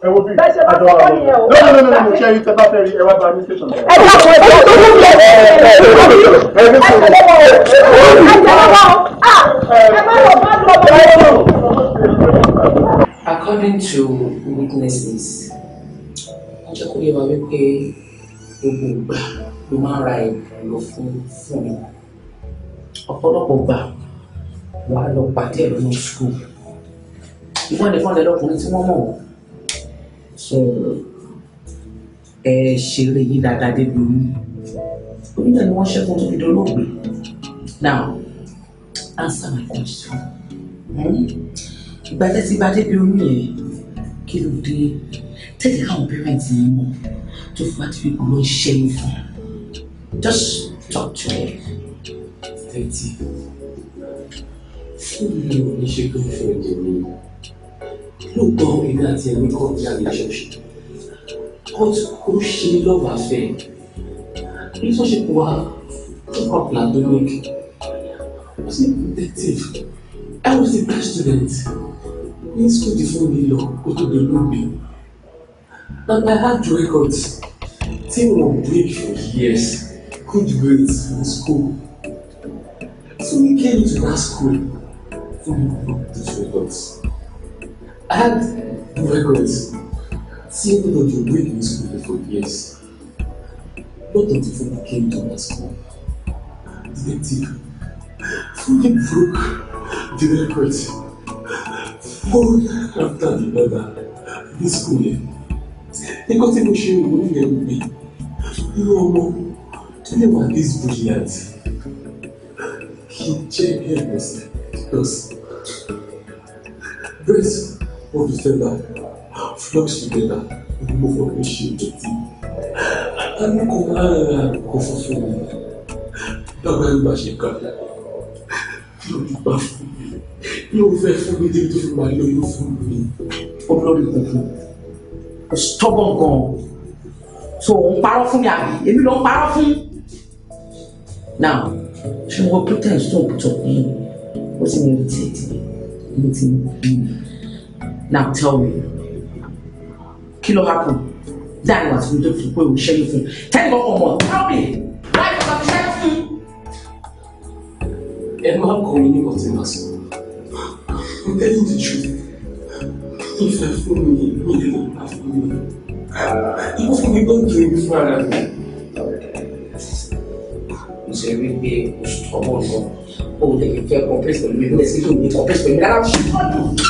According to witnesses, ẹjọ́ wa lọ no no no no ṣe ẹyin tẹ bá fẹ́ rí ẹ wá bá mi tẹsán. ẹ bá fún ẹ tó ń lé ẹ ẹ ẹ ẹ ẹ ẹ ẹ ṣeré yín dáadáa débi oyún oyún náà ni wọ́n ṣẹ́kọ̀ọ́ tó fi dolóògbé now answer my question ìgbà tẹ́tí bá débi oyún yẹn kí ló dé tẹ́tí káwọn pẹ́rẹ́ǹtì yẹn mọ̀ tó fún àti fi gbòòrò ṣe é fún just talk to me. Thirty. fún mi ò ní ṣe girlfriend mi lóòótọ́ èmi àti ẹ̀mí kọ́ ní relationship but kò ṣe love affair relationship wa ó kọ́ platonic I was a detective I was a best student ní school di fún mi lọ kó tó di olóògbé and I had records tí mo break for years good grades for school so we came to that school for the records. And regrets. Seeing though you were in school for years, not until you came to my school. Detective, fully broke the records. One after the other, this schooling. Nǹkan tí mo ṣe wò ní ìyẹn wípé irú ọmọ tell them wà this brilliant He í jẹ́ ẹ̀rọ sí because breast ó fi sẹ́la Flocks together gbogbo fún mi ṣe ìdọ̀tí alukó lára kò funfun mi dàgbà ìgbà ṣe kà yóò gbà fún mi yóò fẹ́ fún mi débi tó fi máa lọ yóò fún mi ọlọ́run kúkú stubborn gan so òun parọ́ fún mi àbí èmi ló ń parọ́ fún now ṣé wọ́n pretend tó ń tọ̀ pé ó ti ń retí ètè mi ó ti ń bí mi now tell me kí ló happen láàrin àti nítorí fún pé òun ṣẹ́yìn fún tẹ́lẹ̀ kọ́kọ́ mọ̀ tell me Why you àti ṣẹ́yìn fún. ẹ máa kọ mi ní ọtí náà i'm telling the truth If fún mi me, lè lọ́ọ́ fún mi ìwọ fún mi gbọ́dọ̀ kiri mi fún ara mi. mo ṣe rí pé oṣù tó bọ̀ lọ o lè fẹ́ kọ́pẹ́sì pẹ̀lú mi lẹ́sìn tó mi kọ́pẹ́sì pẹ̀lú mi rárá o ṣùgbọ́n.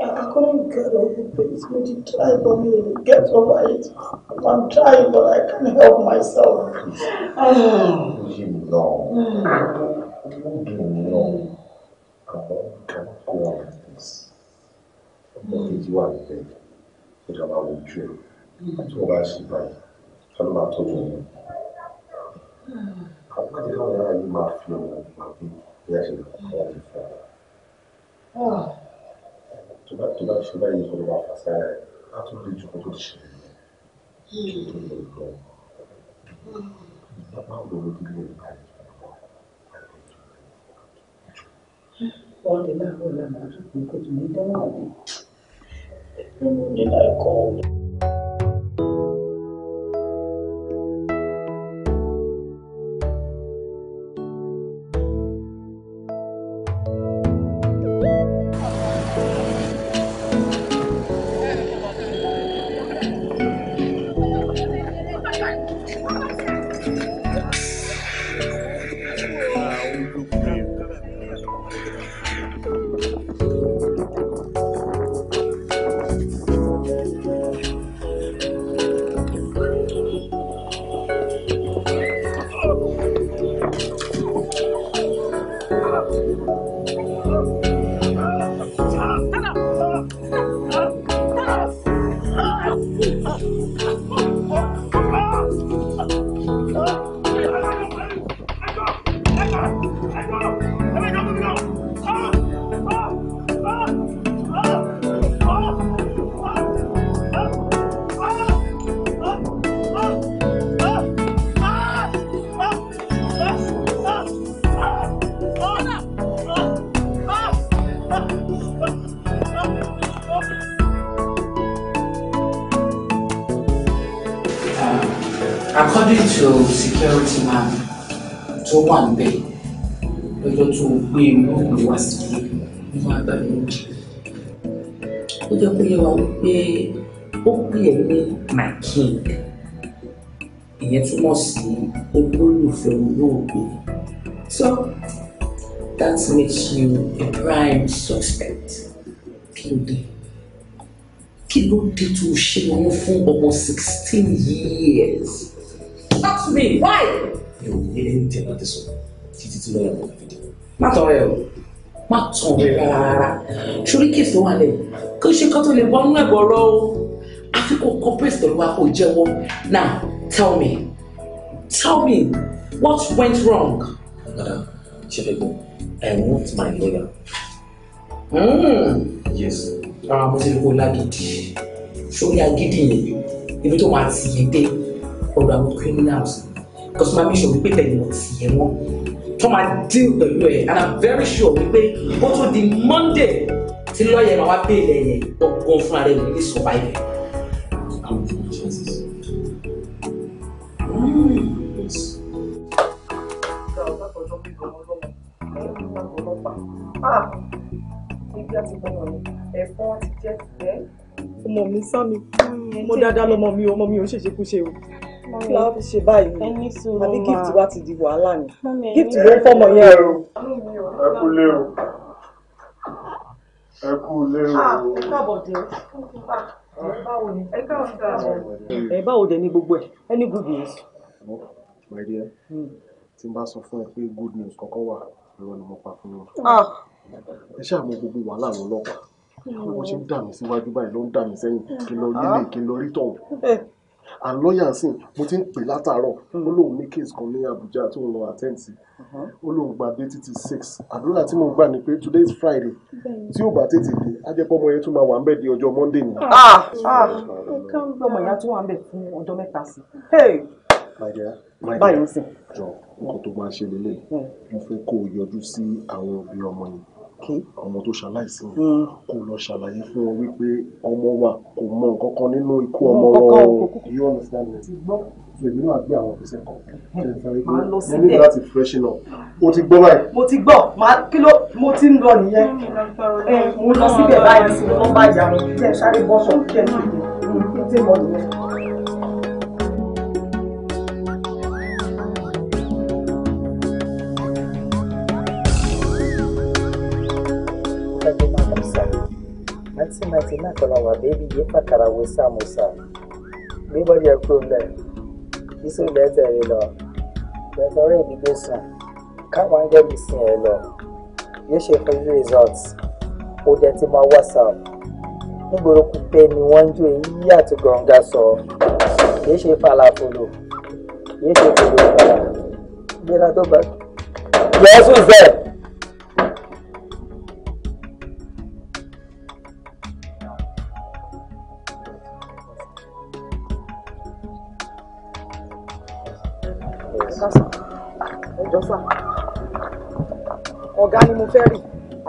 I couldn't get over it. Please, would try for me to get over it? I'm trying, but I can't help myself. Oh, you know. You know. Come on, come on, go on like this. Because you are in bed. It allowed you to That's what I see by. Tell them I told you. How can you know that you might feel like you're actually a Oh. tó bá tó bá ṣe báyìí tó lọ wá fà sára ẹ̀ á tún lè jù kó tó ṣe ẹ̀ tó lè lọ. Bàbá wo ló dé lórí báyìí? Wọ́n lè láàárọ̀ lánàá, kò tó ní dáhùn. Wọ́n lè láàárọ̀. according to security man tó wà níbẹ̀ lọ́jọ́ tó gbé irúgbìn wá sílé nínú agbára òkè ó jẹ́ kó yẹ wá wípé ó pè é ní my king ìyẹn túmọ̀ sí olólùfẹ́ olóògbé so that makes you a prime suspect kí ló dé kí ló dé tó ṣe wọn fún ọmọ sixteen years. Talk to me. Why? Mi ò ní ẹni tẹ̀ náà tẹ̀sán títí tí lọ́yà mọ̀ fi dé. Má tọ̀ rẹ̀ o, má tọ̀ rẹ̀ rárá. Ṣorí kèsì tó wà lẹ̀, kí o ṣe kán tó lè bọ́ nínú ẹ̀gbọ́n rọ o. Àfi kò kọ́ wa kò jẹ́wọ́. Now tell me, tell me what went wrong? Madam, ṣe fẹ́ gbọ́, I want my lawyer. Mm. Yes. Ara mo ti rí kó lágídí. Ṣorí agídí yẹn, ibi tó máa ti yé dé ọ̀dọ̀ àwọn criminals because máa mi wípé bẹ́ẹ̀ wọ́n ti yẹ wọ́n tó máa deal pẹ̀lú ẹ̀ and i'm very sure wípé ó tún di monday tí lọ́ọ̀yẹ̀ máa wá bèèlè yẹn ọgbọ́n fúnra rẹ̀ ló ní survive. ọmọ mi sá mi mo dáadáa lọmọ mi ọmọ mi ò ṣèṣe kúṣe o kí la fi ṣe báyìí àbí gift wa ti di wàhálà ni gift ló ń fọmọ yẹn o. ẹ kú lé o ẹ kú lé o. Ah, ẹ káàbọ̀ dé ẹ báwo dẹ̀ ni gbogbo ẹ̀ ẹ ní good news. my dear hmm. tí n bá sọ fún ẹ pé good news kọ́kọ́ wà irọ́ ni mo pa fún yín. Ah. ẹ ṣáà mọ gbogbo wàhálà àwọn ọlọ́pàá hmm. bí wọ́n ṣe ń dà mí síwájú báyìí ló ń dà mí sẹ́yìn kí n lọ lílé ah. kí n lọ rí tọ̀hún. Eh and lọ́ọ̀yà sì mo ti ń pè látàárọ̀ hmm. ó lóun ní case kan ní Abuja tó ń lọ attend sí uh-huh. ó lóun gba dé títí six àdúrà tí mo gbà ni pé today is Friday tí ò bá tètè dé á jẹ́ pọ́mọ yẹn tún máa wà ń bẹ̀ di ọjọ́ Monday ni. Ah, ah, ah. ọmọ ìyá tó wà ń bẹ̀ fún ọjọ́ mẹ́ta sí báyìí ń sìn. jọ nǹkan tó máa ṣe lélẹ̀ hmm. mo fẹ́ kó o yọjú sí àwọn òbí ọmọ yẹn kí àwọn tó ṣaláìsí yẹn hmm. kó lọ ṣàlàyé fún wọn wípé ọmọ wa kò mọ nǹkan kan nínú ikú ọmọ wọn yóò ní sáré so èmi náà gbé àwọn ọ̀fíìsì kan máa hmm. lọ síbẹ̀ mo ní láti freshen up o ti gbọ́ báyìí. mo ti gbọ́ máa kí ló mo ti ń lọ nìyẹn hmm, mo lọ síbẹ̀ báyìí sí ló bá yà mí jẹ́ sáré bọ́sọ̀ jẹ́ kí n tẹ́ mọ́ nìyẹn. 1999 kana wa baby ye fa kara we sa musa bí bọ́dí ẹ problem kí sọ ilẹ̀ tẹ̀lé lọ bẹ̀rẹ̀ ọ̀rẹ́ ìdílé sùn káwọn áńgẹ́lì sìn ẹ lọ yóò ṣe fún ilé results ó dẹ̀ ti máa whatsapp nígboro kú pé ni wọ́n ń jó èyí àti gọ̀ǹgà sọ yóò ṣe falafolo yóò ṣe fòlò ìgbà gbéra tó bá. yẹ́sùn zẹ́ẹ̀.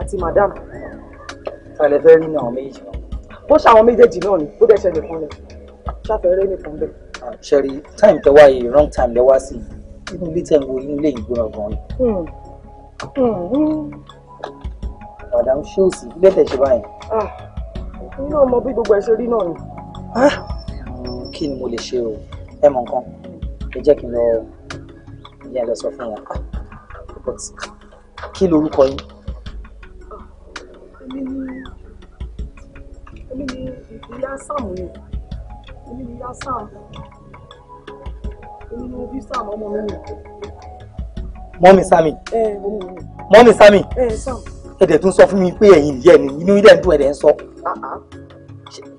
àti madam. sàlẹ̀ fẹ́ rí ní àwọn méjì wọn. bó ṣe àwọn méjèèjì náà ni bó dẹ̀ ṣẹlẹ̀ kan lẹ̀ ṣàfẹ́rẹ́ nìkan bẹ̀. ṣẹ́rí time tẹ wá yìí wrong time lẹ wá sí inú ilé tẹ̀ ń wo inú ilé ìgbóná gan-an. Hmm. Hmm, hmm. madam ṣé o sì ilé tẹ̀ ṣe báyìí. inú ọmọ bí gbogbo ẹ ṣe rí náà ni. kí ni mo lè ṣe o ẹ mọ nǹkan ẹ jẹ́ kí n lọ yẹn lọ sọ fún wọn kí lorúkọ yín èmi ni èmi ni ìyá sáàmù ni èmi ni ìyá sáàmù èmi ni mo bí ọmọ mi ni. mọ́mí sami mọ́mí sami ẹ̀dẹ̀ tún sọ fún mi pé ẹ̀yin ìyá ẹ̀ ni inú ilé ẹ̀ ń dún ẹ̀dẹ̀ ń sọ ah, ah.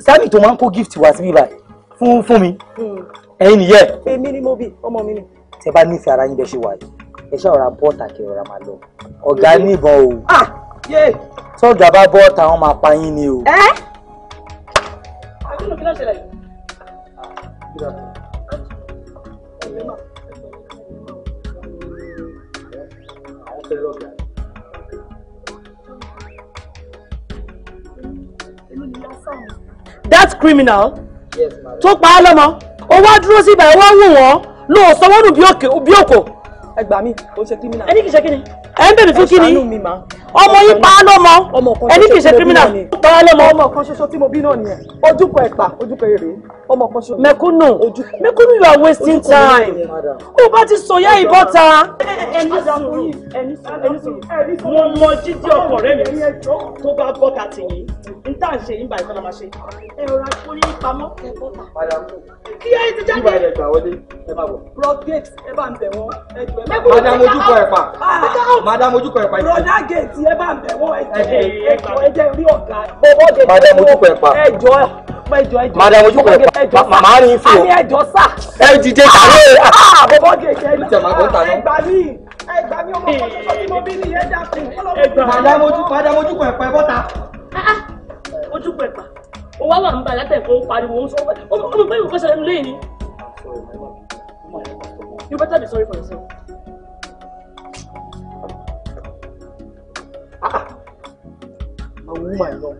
sami tó máa ń kó gift wá sí mi báyìí fún fún mi hmm. ẹ̀yin nìyẹn. èmi ni mo bí ọmọ mi ni. tẹ bá nífẹ̀ẹ́ ara yín bẹ́ẹ̀ ṣe wà yìí ẹ ṣáà rọra bọ́ọ̀tà kí ẹ rọra máa lọ ọ̀gá ní ìbọn o. Ah! tọ́jà bá bọ́ ọ̀tá máa pa yín ni o. ẹ àdúrà kí ló ṣẹlẹ̀ yìí. that criminal tó pa á lọ́mọ ó wá dúró síbà ẹ wá wò wọ́n lò sanwó nù bí òkò ẹ gbà mí ó ṣe criminal. ẹ ní kìí ṣe kí ni. ẹ ń bèbè fún kí ni. ẹ ṣàánú mi máa ọmọ yín pa á lọ́mọ ẹni kì ṣe criminal pa á lọ́mọ. ọmọ kan ṣoṣo tí mo bí náà nìyẹn ojúkọ ẹ̀pà ojúkọ èrè ọmọ kan ṣoṣo. mẹ̀kúnnù mẹ̀kúnnù you are wasting time bí o bá ti sọyá ìbọn ta. ẹni sùúrù ẹni sùúrù mo mọ jíjí ọkọ rẹ mi tó bá bọ́ta tì n tá à ń ṣe yín báyìí kọ́lá máa ṣe ẹ rọra kórí pamọ́ ẹ kí ẹ ti jáde. ibà ilẹ̀ wọlé ẹ máa bọ̀. broad gate ẹ bá ń bẹ̀ wọ́n ẹ jù ẹ má bọ̀. madam ojúkọ ẹ pa ah. madam ojúkọ ẹ pa. broda gate ẹ bá ń bẹ̀ wọ́n ẹ jẹ́ rí ọ̀gá. bọ́bọ́ gate madam ojúkọ ẹ jọ ẹ ẹjọ ẹjọ madam ojúkọ ẹ pa màmá rí fún o. ẹjọ sá. ẹ dìde sáré. bọ́bọ́ ah, gate ẹ ah, gbà ẹ gbà mí ẹ gbà mí ọmọ kọ́kọ́ tí mo bí nìyẹn dà fún. madam ojúkọ ẹ pa ẹ bọ́ta ojú pẹ̀pà ó wá wà ń bá látẹ̀kọ́ ó pariwo ó sọ pé pé nǹkan ṣẹlẹ̀ nílé ni. You better be sorry for yourself. àwọn ọmọ ẹ lọ.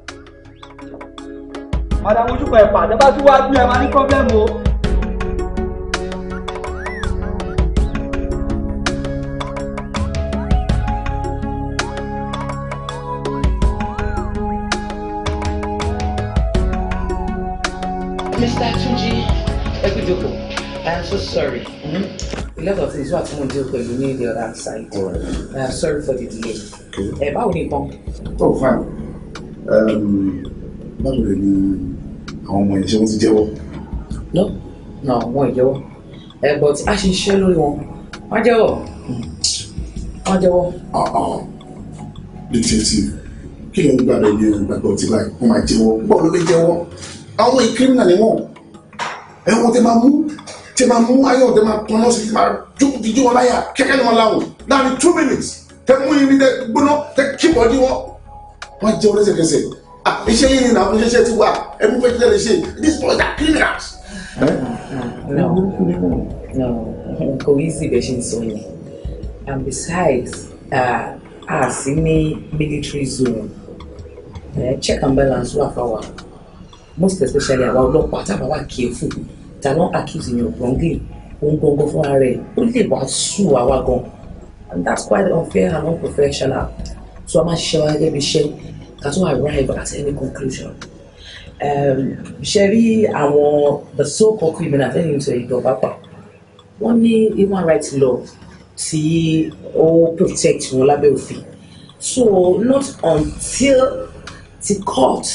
Madam ojú pẹ̀pà tẹ bá máa ní pọ́blẹ́mù o. Mr. Tunji ẹ kú jókòó I am so sorry a lot of things wà tí mo deal pẹ̀lú ní the other side I am sorry for the delay ẹ báwo ni nǹkan. oh fine um, báwo lè ní àwọn ọmọ yẹn ṣé wọ́n ti jẹ́wọ́. no no wọn ò jẹ́wọ́ ẹ but a ṣe iṣẹ́ lórí wọn wọ́n jẹ́wọ́ wọ́n jẹ́wọ́. bí tiẹ̀ tiẹ̀ kí ló ń gbàdúrà ní ìgbàgbọ́ tí báyìí wọ́n máa jẹ́wọ́ bọ́ọ̀lù lè jẹ́wọ́ àwọn ìkírínà ni wọn ẹ̀wọ̀n tẹ máa mú tẹ máa mú ayọ̀ tẹ máa tọ́nà sí máa jíjú wọn láyà kẹ́kẹ́ ni wọn láwùn láàrin two minutes tẹ mú irin tẹ gbóná tẹ kí bọ́dí wọn wọn jẹ́ olóṣèkẹsẹ̀ iṣẹ́ yìí nà àwọn iṣẹ́ ti wà ẹ̀mú fẹ́ kílẹ̀ lè ṣe these boys are criminals. kò yí sí ibẹ̀ ṣe ń sọ yẹn and besides a sì ní military zone check and balance wà fáwọn most especially àwa ọlọ́pàá tá a bá wà careful tá a náà accuse èèyàn wrongly òun gangan fúnra rẹ̀ ó lè wá sù àwa gan and that's quite unfair and unprofessional so a máa ṣiṣẹ́ wa gẹ́gẹ́ bí iṣẹ́ ká tún arrive at any conclusion um, ṣe rí àwọn the so called criminal tẹ́lẹ̀ nítorí ìjọba pa wọ́n ní human rights law tí ó protect wọn lábẹ́ òfin so not until the court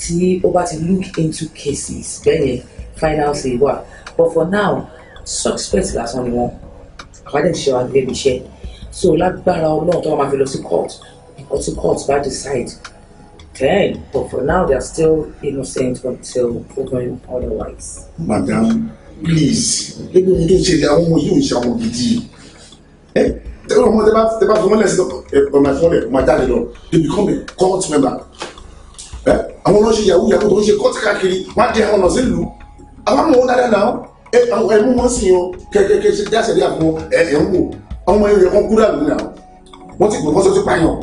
tí ó bá ti look into cases bẹ́ẹ̀ yẹn final say wà but for now suspect lásán ni wọ́n àwádìí ti ṣe wá gbé iṣẹ́ so lágbára ọlọ́run tó wọ́n máa fi lọ sí court nǹkan tí court bá decide then but for now they are still innocent until proven otherwise. madam please gbogbo ohun tó ń ṣẹlẹ̀ àwọn ọmọ yìí ò ń ṣe àwọn gidi ẹ tẹ́lẹ̀ ọmọ tẹ́ bá fi wọ́n lẹ̀ sí ọmọ ìfọ́lẹ̀ ọmọ jáde lọ they become a court member àwọn ọlọ́ṣẹ́ yahoo yahoo tó ń ṣe kọ́tì káàkiri wọ́n á di àwọn ọ̀nà sílùú àwọn ọmọ wọn dáadáa náà ẹ àwọn ẹmu wọn sì yan kẹkẹkẹ ṣe dáṣẹ dí àfọ ẹ ẹ ń wò ọmọ ẹ yẹn kan kú dànù náà wọ́n ti gbọ́ kọ́sọ́ tó pààyàn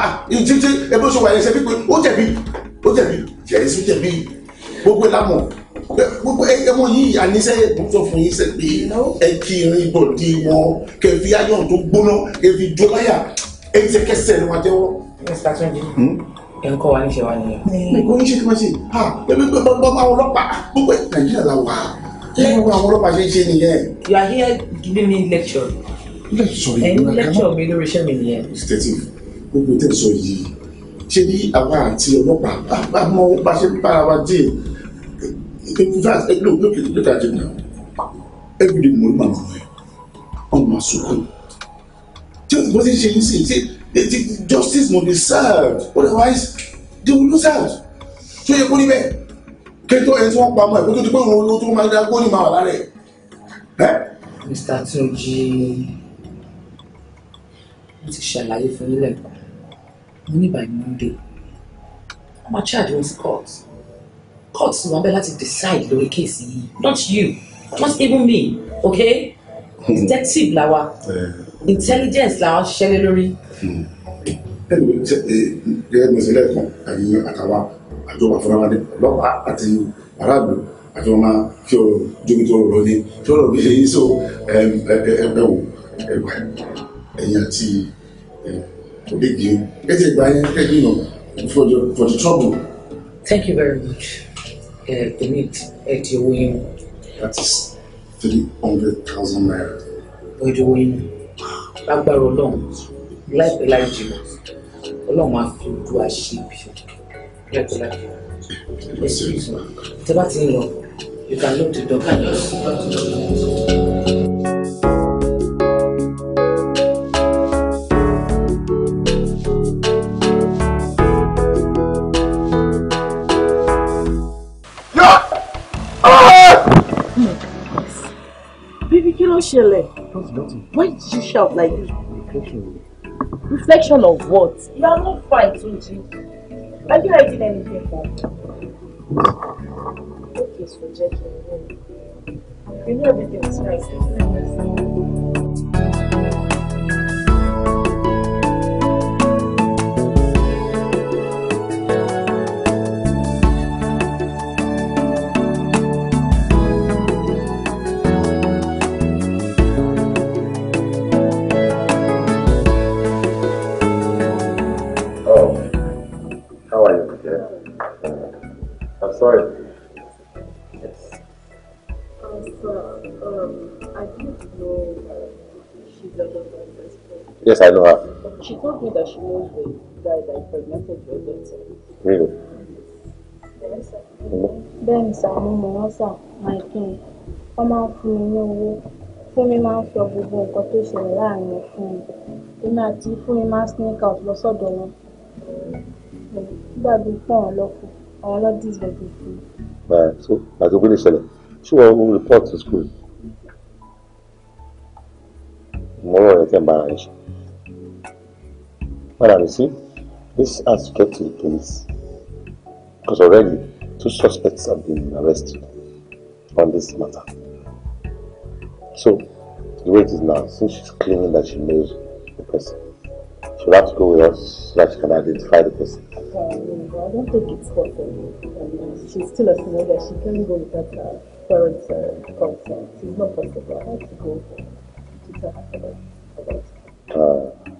ah ìjíjí ẹbí oṣù wàyẹn ṣe bí pé ó jẹ̀bi ó jẹ̀bi jẹ̀bi jẹ̀bi gbogbo ìlànà gbogbo ẹmọ yìí àníṣe ìbùsọ fún yín ṣe pé ẹ kí irin bọ̀dì wọn kẹfì ayọ̀ tó gbóná kẹfì jọláyà ẹ jẹ kẹsẹ̀ ni wọn jẹ́wọ́ ẹ wa níṣẹ́ wa nìyẹn. oníṣẹ́ tí wọ́n ṣe ha ẹbí pé bọ́ bá àwọn ọlọ́pàá gbogbo nàìjíríà la wà kí wọ́n bá àwọn ọlọ́pàá ṣe ń ṣe nìyẹn. you are here giving me lecture. lecture yìí ló ń lecture mi lórí iṣẹ́ mi nìyẹn. detective gbogbo tẹ̀ sọ yìí ṣé ní àwa àti ọlọ́pàá àmọ́ bá ṣe bára wa dé in fact ẹ lóò lókè lókè àjẹ náà every day mo máa mọ̀ ẹ́ ọmọ àsùnkún tí o ti bọ́ sí ṣe the, the justice must be served otherwise they will lose out tó yẹ kó níbẹ̀ kẹ́tọ́ ẹ tí wọ́n pamọ́ ẹ̀ kó tó ti pé òun ló tó máa dá gbóni máa wà lára ẹ̀. Mr. Túnjí mo ti ṣàlàyé fún yín lẹ́kọ̀ọ́ mo ní by Monday wọ́n máa charge wọn sí court court ni wọ́n bẹ̀ láti decide lórí kéèsì yìí not you not even me okay <laughs> detective làwa. Yeah intelligence làwọn ṣiṣẹ́ lé lórí. gẹ́gẹ́ bí mo ṣe lẹ́ẹ̀kan ẹ̀yin àtàwọn àjọ wà fúnra wa ní ọlọ́pàá àti aráàlú àti wọn máa fi ọ̀rọ̀ jókòó tó rọrọ ní tí ọ̀rọ̀ bí èyí so ẹgbẹ́ wò ẹgbà ẹ̀yin àti òbígi eh, ẹ ti gba yẹn kẹ́kẹ́ nù for the for the trouble. thank you very much èmi eh, ẹ ti owó yín. that is three hundred thousand naira. ìdíwó yín lágbára ọlọ́run láìpẹ́ láì jìnnà ọlọ́run á fi ojú àṣẹ ibi láìpẹ́ láì jìnnà ẹ sì rí ìtura bá ti ń lọ you can look the doctor. Ah! Baby, ṣẹlẹ̀? is mm. Why did you shout like this? Reflection. Reflection of what? You are not fine, Tunji. Are you hiding anything for? me? Okay, so Jackie, you know everything is nice. sorry. Yes. Um, sir, um, I know she's your Yes, I know her. She told me that she knows the guy that pregnant your daughter. Really? Yes, sir. Mm-hmm. Bẹ́ẹ̀ ni sàmú mo wọ́n sà máa kí ni. Wọ́n máa ń fún mi ní owó. Fúnmi máa ń sọ gbogbo nǹkan tó ṣẹlẹ̀ láàrin wọn fún mi. Èmi àti sneak out lọ sọ́dọ̀ wọn. Gbàgbé fún ọ lọ́kùn. All of these were good. Ah, so, a ògbóni ṣẹlẹ̀, ṣé wọ́n mú report to school? Tomorrow rẹ̀ tẹ̀ ń bára you see, this has to get to the police because already two suspects have been arrested on this matter. So, the way it is now, since she's claiming that she knows the person, she'll have to go with us so that she can identify the person. um, I don't think it's possible. I mean, she's still a teenager. She can't go without her parents' uh, consent. It's not possible. I have to go to tell her about, about it.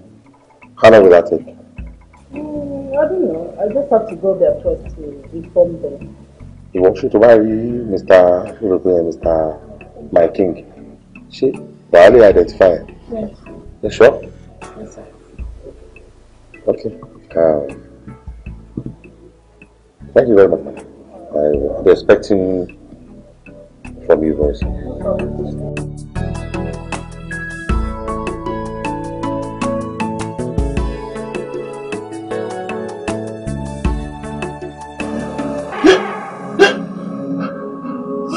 how long will that take? Mm, I don't know. I just have to go there first to inform them. You want to marry Mr. European, Mr. My King. She, Bali identify. Yes. You sure? Yes, sir. Okay. Um, Thank you very much, i I'll be expecting from you guys. soon.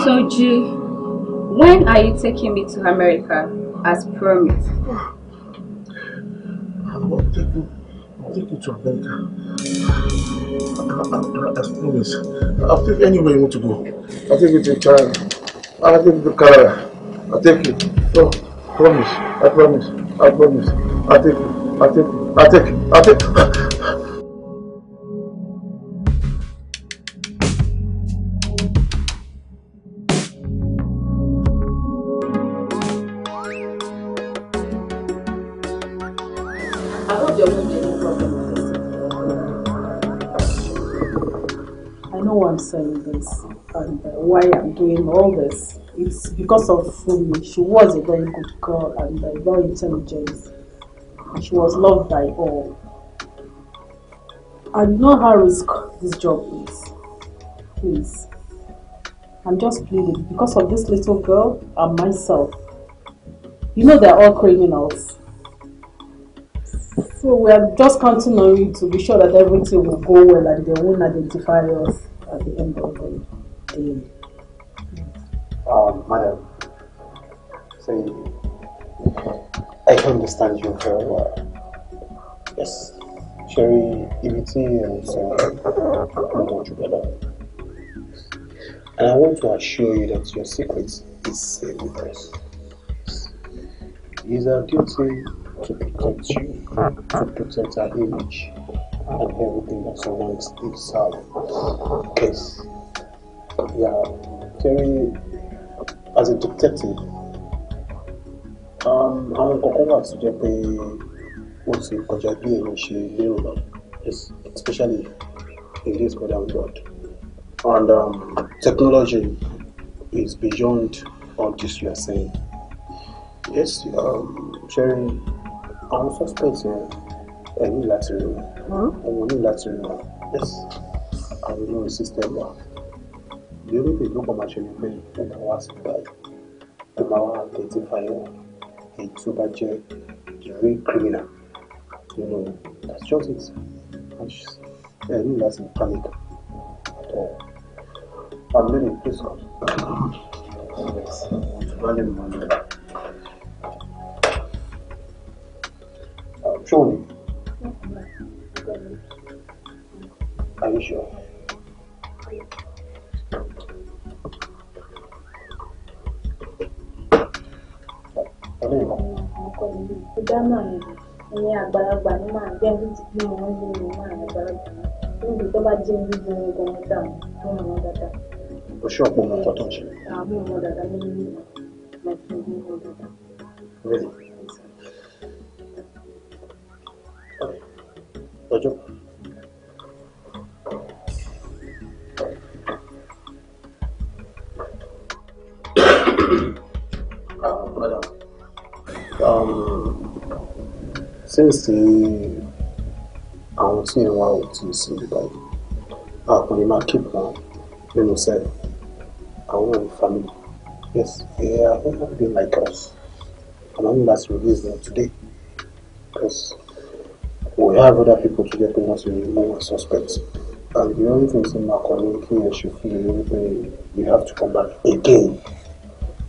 Soji, when are you taking me to America as promised? take you to America. I, promise. I'll take anywhere you want to go. I'll take you to China. I'll take you to Canada. I'll take you. Oh, promise. I promise. I promise. I'll take you. I'll take you. I'll take you. I'll take you. and this and uh, why I'm doing all this. It's because of Fumi. She was a very good girl and very intelligent. She was loved by all. I know how risky this job is. Please. I'm just pleading because of this little girl and myself. You know they're all criminals. So we are just counting on you to be sure that everything will go well and they won't identify us at the end of the day. Um, madam, so I understand you very well. Yes. Sherry, Ibiti and Sam work together. And I want to assure you that your secret is safe with us. It is our duty to protect you, to protect our image, and everything that surrounds himself. Case. Yeah. Terry, as a detective, um, àwọn kankan wà tó jẹ́ pé wọ́n ti kọjá bí èèyàn ṣe lérò lọ especially in this modern world and um, technology is beyond all this you are saying yes um, sharing àwọn suspects yẹn ẹ̀yìn láti rí àwọn hmm? ní láti rí wa yes àwọn olórin system wa ìrírí pé ìlú kan máa ṣe ni pé ó máa wá sí báyìí ó máa wá tètè fàyẹ̀wò èyí tó bá jẹ́ ìwé criminal you know that's just it ẹ ní láti panic at all i'm learning please come. Yes. Vale, mano. Um, Show me. London. Are you sure? Ọ̀dà náà ni ẹni àgbàlagbà ní Okay. Ah, um, since ti àwọn tí ẹ wá ò tí sí ìbáyìí àkùnrin máa keep wọn nínú I want ò family yes yeah, I are not being like us I'm i need to release today because we have other people to get us removed as suspects. And the only thing is in my community and she feel the only thing you have to come back again.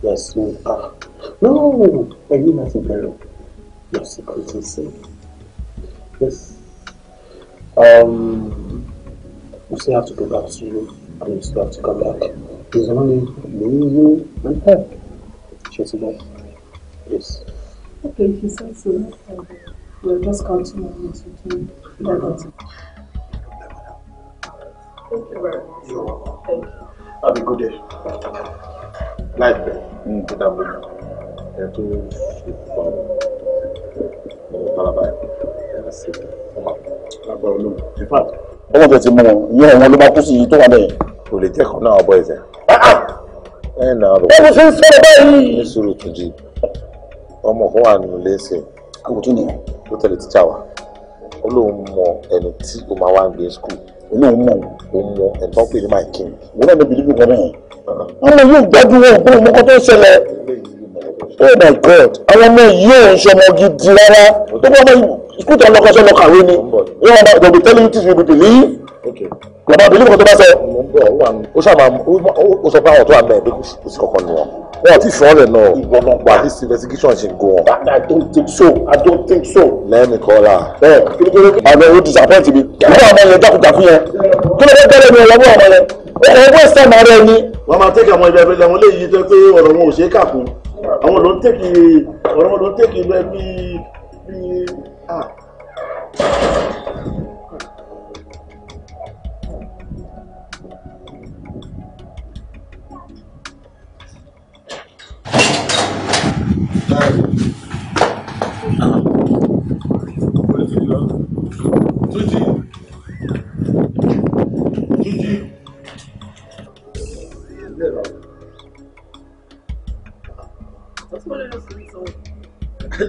Yes, me. are. No, ah. no, no, no. I mean nothing very Yes, because it's safe. Yes. Um we still have to go back to you and you still have to come back. There's only me, you and her. She's a Yes. Okay, she said so. That's We'll just continue until we get it. Thank you very much. You're welcome. Thank you. Have a good day. Láìpẹ́ ní Peter Bola, ẹ tó fipá ọ̀rọ̀ balaba ẹ̀ ẹ̀ ṣe ọmọ agbára olóhùn. In fact, ọmọ tẹ̀ ti mú wọn, ìyẹn ọ̀wọ́n ló bá kú sí iye tó wà bẹ́ẹ̀. Kò lè jẹ́ kan náà ọ̀bọ ẹ̀sẹ̀. Ah, ah! Ẹ nà ọ̀rọ̀. Bẹ́ẹ̀ni fi ń sọ̀rọ̀ báyìí. Ní sùúrù Túnjí, ọmọ kan wà nínú ilé ẹsẹ̀. Àwòtún nìyẹn tó tẹ̀lé tíṣà wa ó lóun mọ ẹni tí ó máa wá ń gbé skul olóun mọ òun mọ ẹni tó ń pè ní my king. òun náà ló bìlíbù kan náà wọn lè yóò gbádùn wọn fún ọmọkọ tó ń ṣẹlẹ̀ oh my god àwọn ọmọ yìí ò ń ṣọmọ gidi rárá tó bá wọn ikú tó lọkọ sọ lọ kàwé ni yóò wọn bá gbọdọ tẹlifíṣì bìbìlì lọ́ba àbílí kan tó bá sọ ó sọ máa sọ pé àwọn tó wà mẹ́rin pé kò sí kankan wọn ò tí fi wọn náà ìwọ náà pa this investigation ṣe ń go on. I don't think so I don't think so. lẹ́mi kọ́lá. bẹ́ẹ̀ àná o disappoint mi nígbà ọmọ yẹn jákujàku yẹn kí ló dé mi ọ̀lọ́wọ́ ọmọ yẹn ọ̀rọ̀ ẹgbẹ́ sẹ́mi ara ẹni. wọ́n máa tẹ́kì àwọn ibẹ̀ ẹ̀fẹ̀ lẹ́wọ̀n lè yí jẹ́ pé ọ̀rọ̀ wọn ò ṣeé kàkún àwọn ló ń tẹ́kì ọ̀rọ̀ wọn ló ń tẹ́kì bẹ́ẹ̀ bíi bíi ah.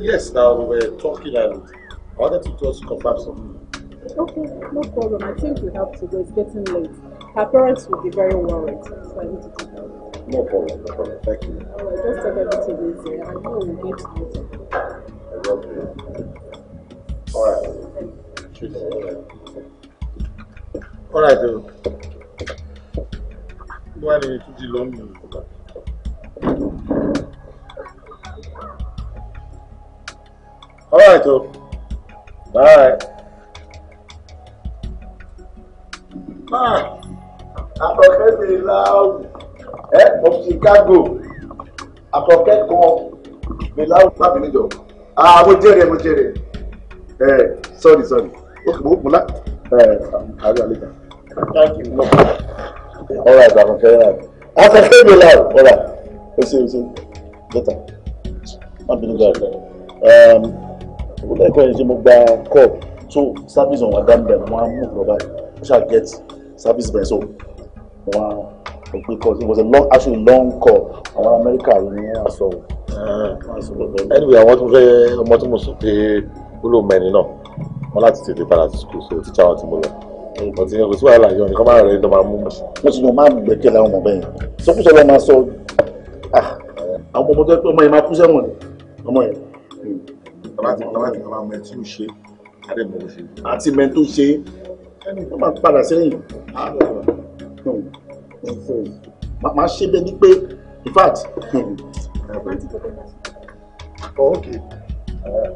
yes, now we were talking and I wanted to just confirm something. Okay, no problem. I think we have to go. It's getting late. Her parents will be very worried. So I need to No problem, no problem. Thank you. Oh, I just take everything easy. I know we'll get to it. I love you. All right. Cheers. All right, though. Why did you do long All right, though. Bye. Ah, I'm going to be loud ẹ mo ti kágò àkọ́kẹ́ kan mi láwùjọ láti níjọ ah mo jèrè mo jèrè ẹ sorry sorry ó kì í mo lá ẹ àárẹ̀ àlejò. ọ̀rọ̀ àgbàmọ̀ fẹ́ràn afẹ́fẹ́ mi láwù ọ̀rọ̀ ó ṣe é ṣe dọ́tà má bínú gbàgbé olùkọ́ yẹn ṣe mo gba call tó service ọ̀hún adambẹ̀ wọn á mú ìrọ̀bá ó ṣáà get service bẹ̀rẹ̀ so mo wá it was a long actually long call àwọn amẹ́ríkà ló ní àṣọ o. anyway àwọn tó fẹ́ ọmọ tí mo sọ pé ó lò mẹ́rin náà wọ́n láti tètè padà sí school so tíṣà wọn ti mú lọ ọtí kò sí wàhálà yọ nìkan máa rẹ ẹni tó máa mú. mo ti yàn máa gbẹ̀kẹ́ làwọn ọmọ bẹ́ẹ̀ sọkúsọ lọ́ọ́ máa sọ ah, àwọn ọmọ tó yẹ pé ọmọ yẹn máa kú sẹ́wọ̀n ni ọmọ yẹn. tọ́láti tọ́láti kan máa mọ ẹtí ò ṣe àdébọ̀ ò ṣe. àti mẹ́tò ṣe ẹni tó máa padà sẹ́yìn màá hmm. hmm. ṣe bẹ́ẹ̀ ni pé in fact. Hmm. Oh, okay. Uh,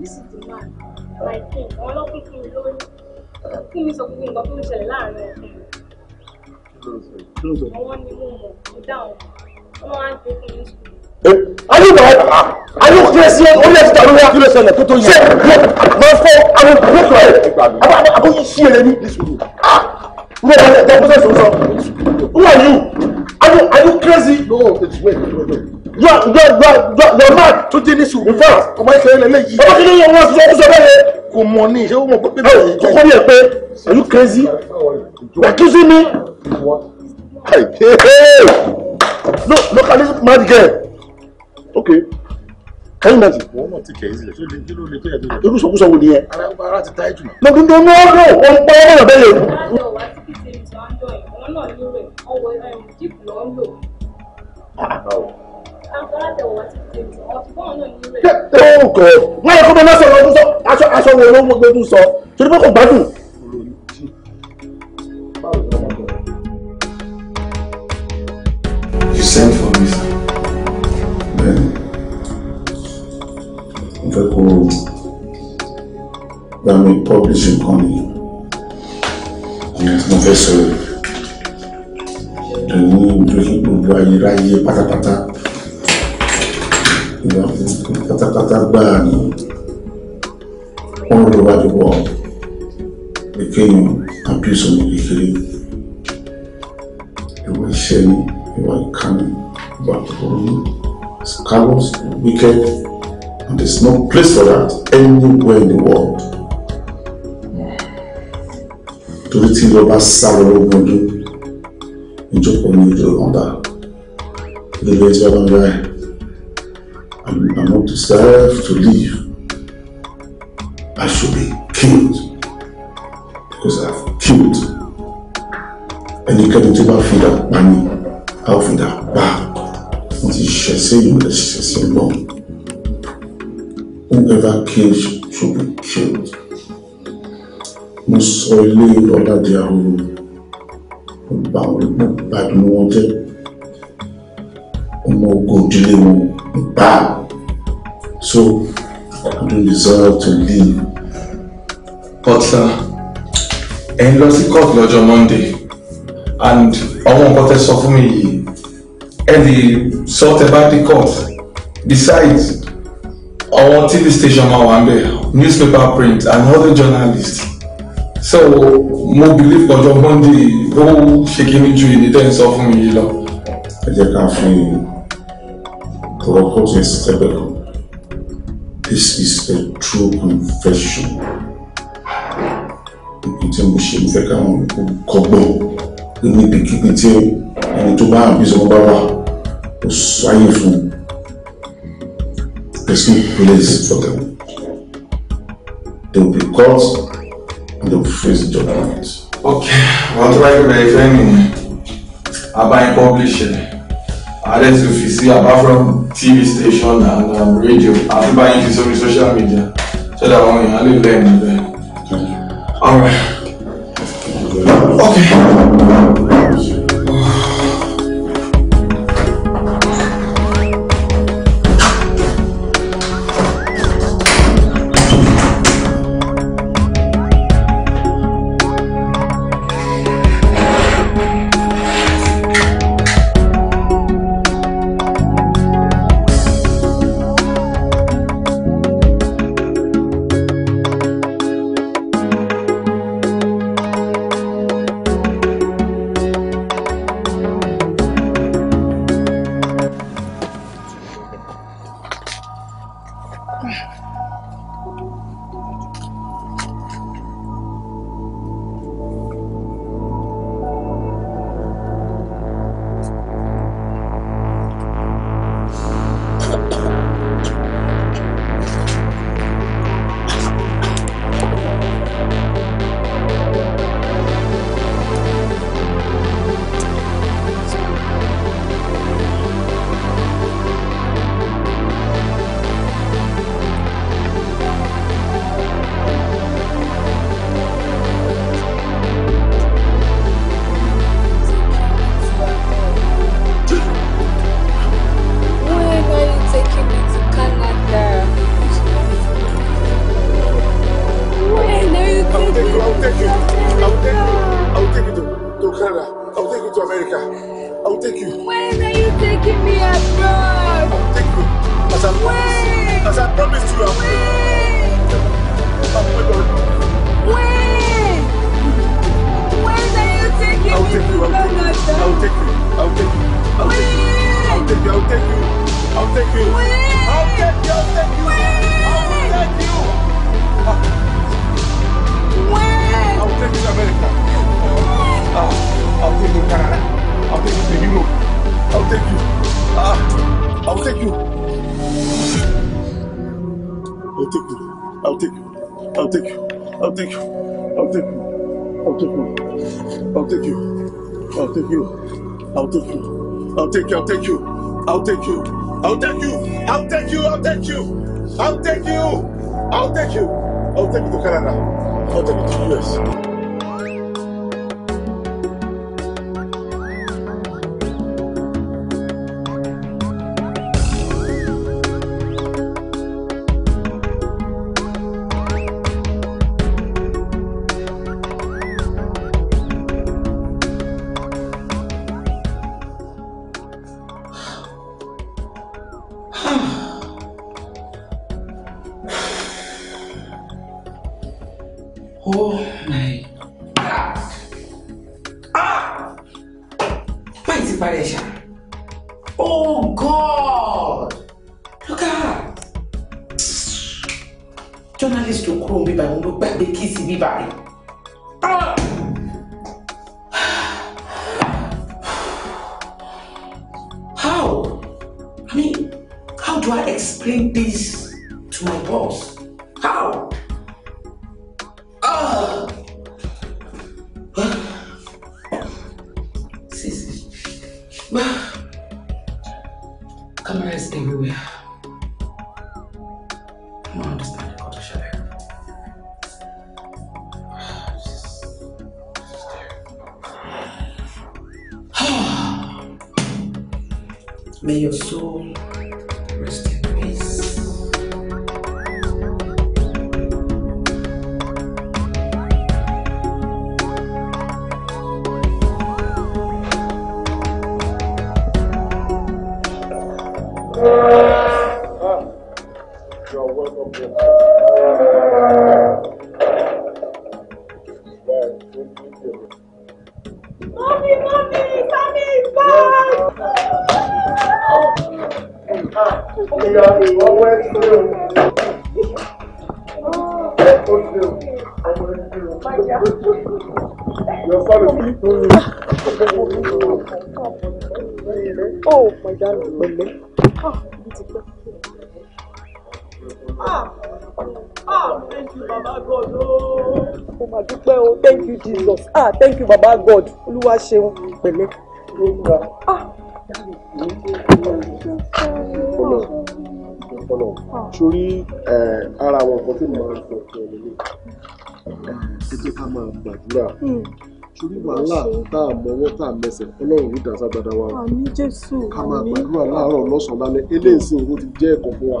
This is the man. My king. Àwọn ọlọ́pìn kí mi lórí. Kí mi sọ gbogbo nǹkan tó ń ṣẹlẹ̀ láàárín ọ̀hún. Àwọn ni mo mọ̀ mo dáhùn. Wọ́n á gbé fún mi sùn. Ayé bàá ayé kúrẹ́sì orí ẹ̀ títà lórí akílẹ̀ sọ̀nà tó tó yẹ. Ṣé máa fọ́ àwọn ìgbésọ̀ rẹ̀? Àbáyé àbóyè sí èrè ní. No, no, no, no, no, Who are you? Are you, are you crazy? No, wait, wait, No, no, no, no, no, no. are, you are, you are mad. To the issue. In fact, to my friend, let you. Ọmọ kìíní yẹn wọ́n sọ sọ bẹ́ẹ̀. Kò mọ̀ ní ìṣẹ́ wọn pé bẹ́ẹ̀. Kọ́kọ́ bí ẹ pé, are you crazy? Wà kí sí mi? Hey, hey, hey! Look, look at this mad girl. Okay kẹ́yìn náà ti. wọ́n náà ti kẹ̀ ẹ́ sílẹ̀ tó lè kí ló lè tó yẹ tó lè. irú sọkúsọ wo ni yẹn. ara ti ta ẹ̀ jùlọ. mo dundun ní ọdún ó ń pọ́ ọ́ bẹ́ẹ̀ yẹn. ó kọ̀ oh wọ́n yẹ kó bẹ́ẹ̀ náà sọ̀rọ̀ ọdún sọ aṣọ wo ló ń gbẹ́dún sọ torí pé kò gbádùn. publish fẹ́ kó bá mi publish nǹkan ni ìyẹn tí mo fẹ́ pata, èyí ìdókè gbogbo ayérayé pátápátá ìgbà pátápátá gbáà ni wọ́n lọ́wọ́ àdúgbò ìkéyàn abuse ọmọ kékeré ìwà ìṣẹ́ will come back to ìkọ̀ọ̀rọ̀ scabs wicked. There's no place for that anywhere in the world. To tí lọ bá sá lọ lógún ọdún, ìjókòó ní ìjọ ọ̀dà. Ilé ẹjọ́ ọ̀dà ń I'm not deserve to live. I should be killed because I've killed. And you bá fi ìdá pa money, a ó fi ìdá pa. you ti ṣẹ̀ṣẹ̀ yìí, mo ti ṣẹ̀ṣẹ̀ Whoever kills should be killed. Mo sọ ilé their own ahoro. Mo wanted more mo gba ìdùnnú So I don't deserve to live. But ẹ̀ ń lọ sí court lọ́jọ́ Monday and àwọn nǹkan tẹ́ sọ fún mi yìí ẹ̀ lè sọ tẹ́ bá dé court besides. Our tv station máa newspaper print and other journalists so mo believe ọjọ́ monday ó ṣe kíní ju èdè tẹ́ ń sọ fún mi yìí lọ. ẹ jẹ́ ká fún yín tọrọ kó tẹ̀ sẹ́gbẹ̀ẹ́ kan this is a true confession ibi tí mo ṣe mo fẹ́ káwọn olùkọ́gbọ́n níbi kíbi tí ẹni tó bá àbí sọ bá wà ó sáyé fún un specific place for them. They will be caught and they will face judgment. Okay, wọ́n tó bá yẹ bẹ̀rẹ̀ fẹ́ mi abayin publish ẹ̀ àdẹ́sí fi sí apart from TV station and um, radio àti báyìí into sórí social media so that one, èèyàn lè lẹ́yìn níbẹ̀. All right. Okay. take you, I'll take you, I'll take you, I'll take you, I'll take you, I'll take you, I'll take you, I'll take you, I'll take you to Canada, I'll take you to US. do I explain this to my boss? baba god olúwa ṣeun pẹ̀lẹ́. Ah. sórí ara àwọn nǹkan tí mo máa ń sọ fún ẹ nílé ẹ jẹ́ ká máa gbàdúrà hmm. sórí wàhálà tá a mọ ọwọ́ tá a mẹsẹ̀ ọlọ́run ní dàsá gbada wa ká máa gbàdúrà láàárọ̀ lọ́sàn-án lálẹ́ eléyìí sì ń wo ti jẹ́ ẹ̀kọ́ fún wa.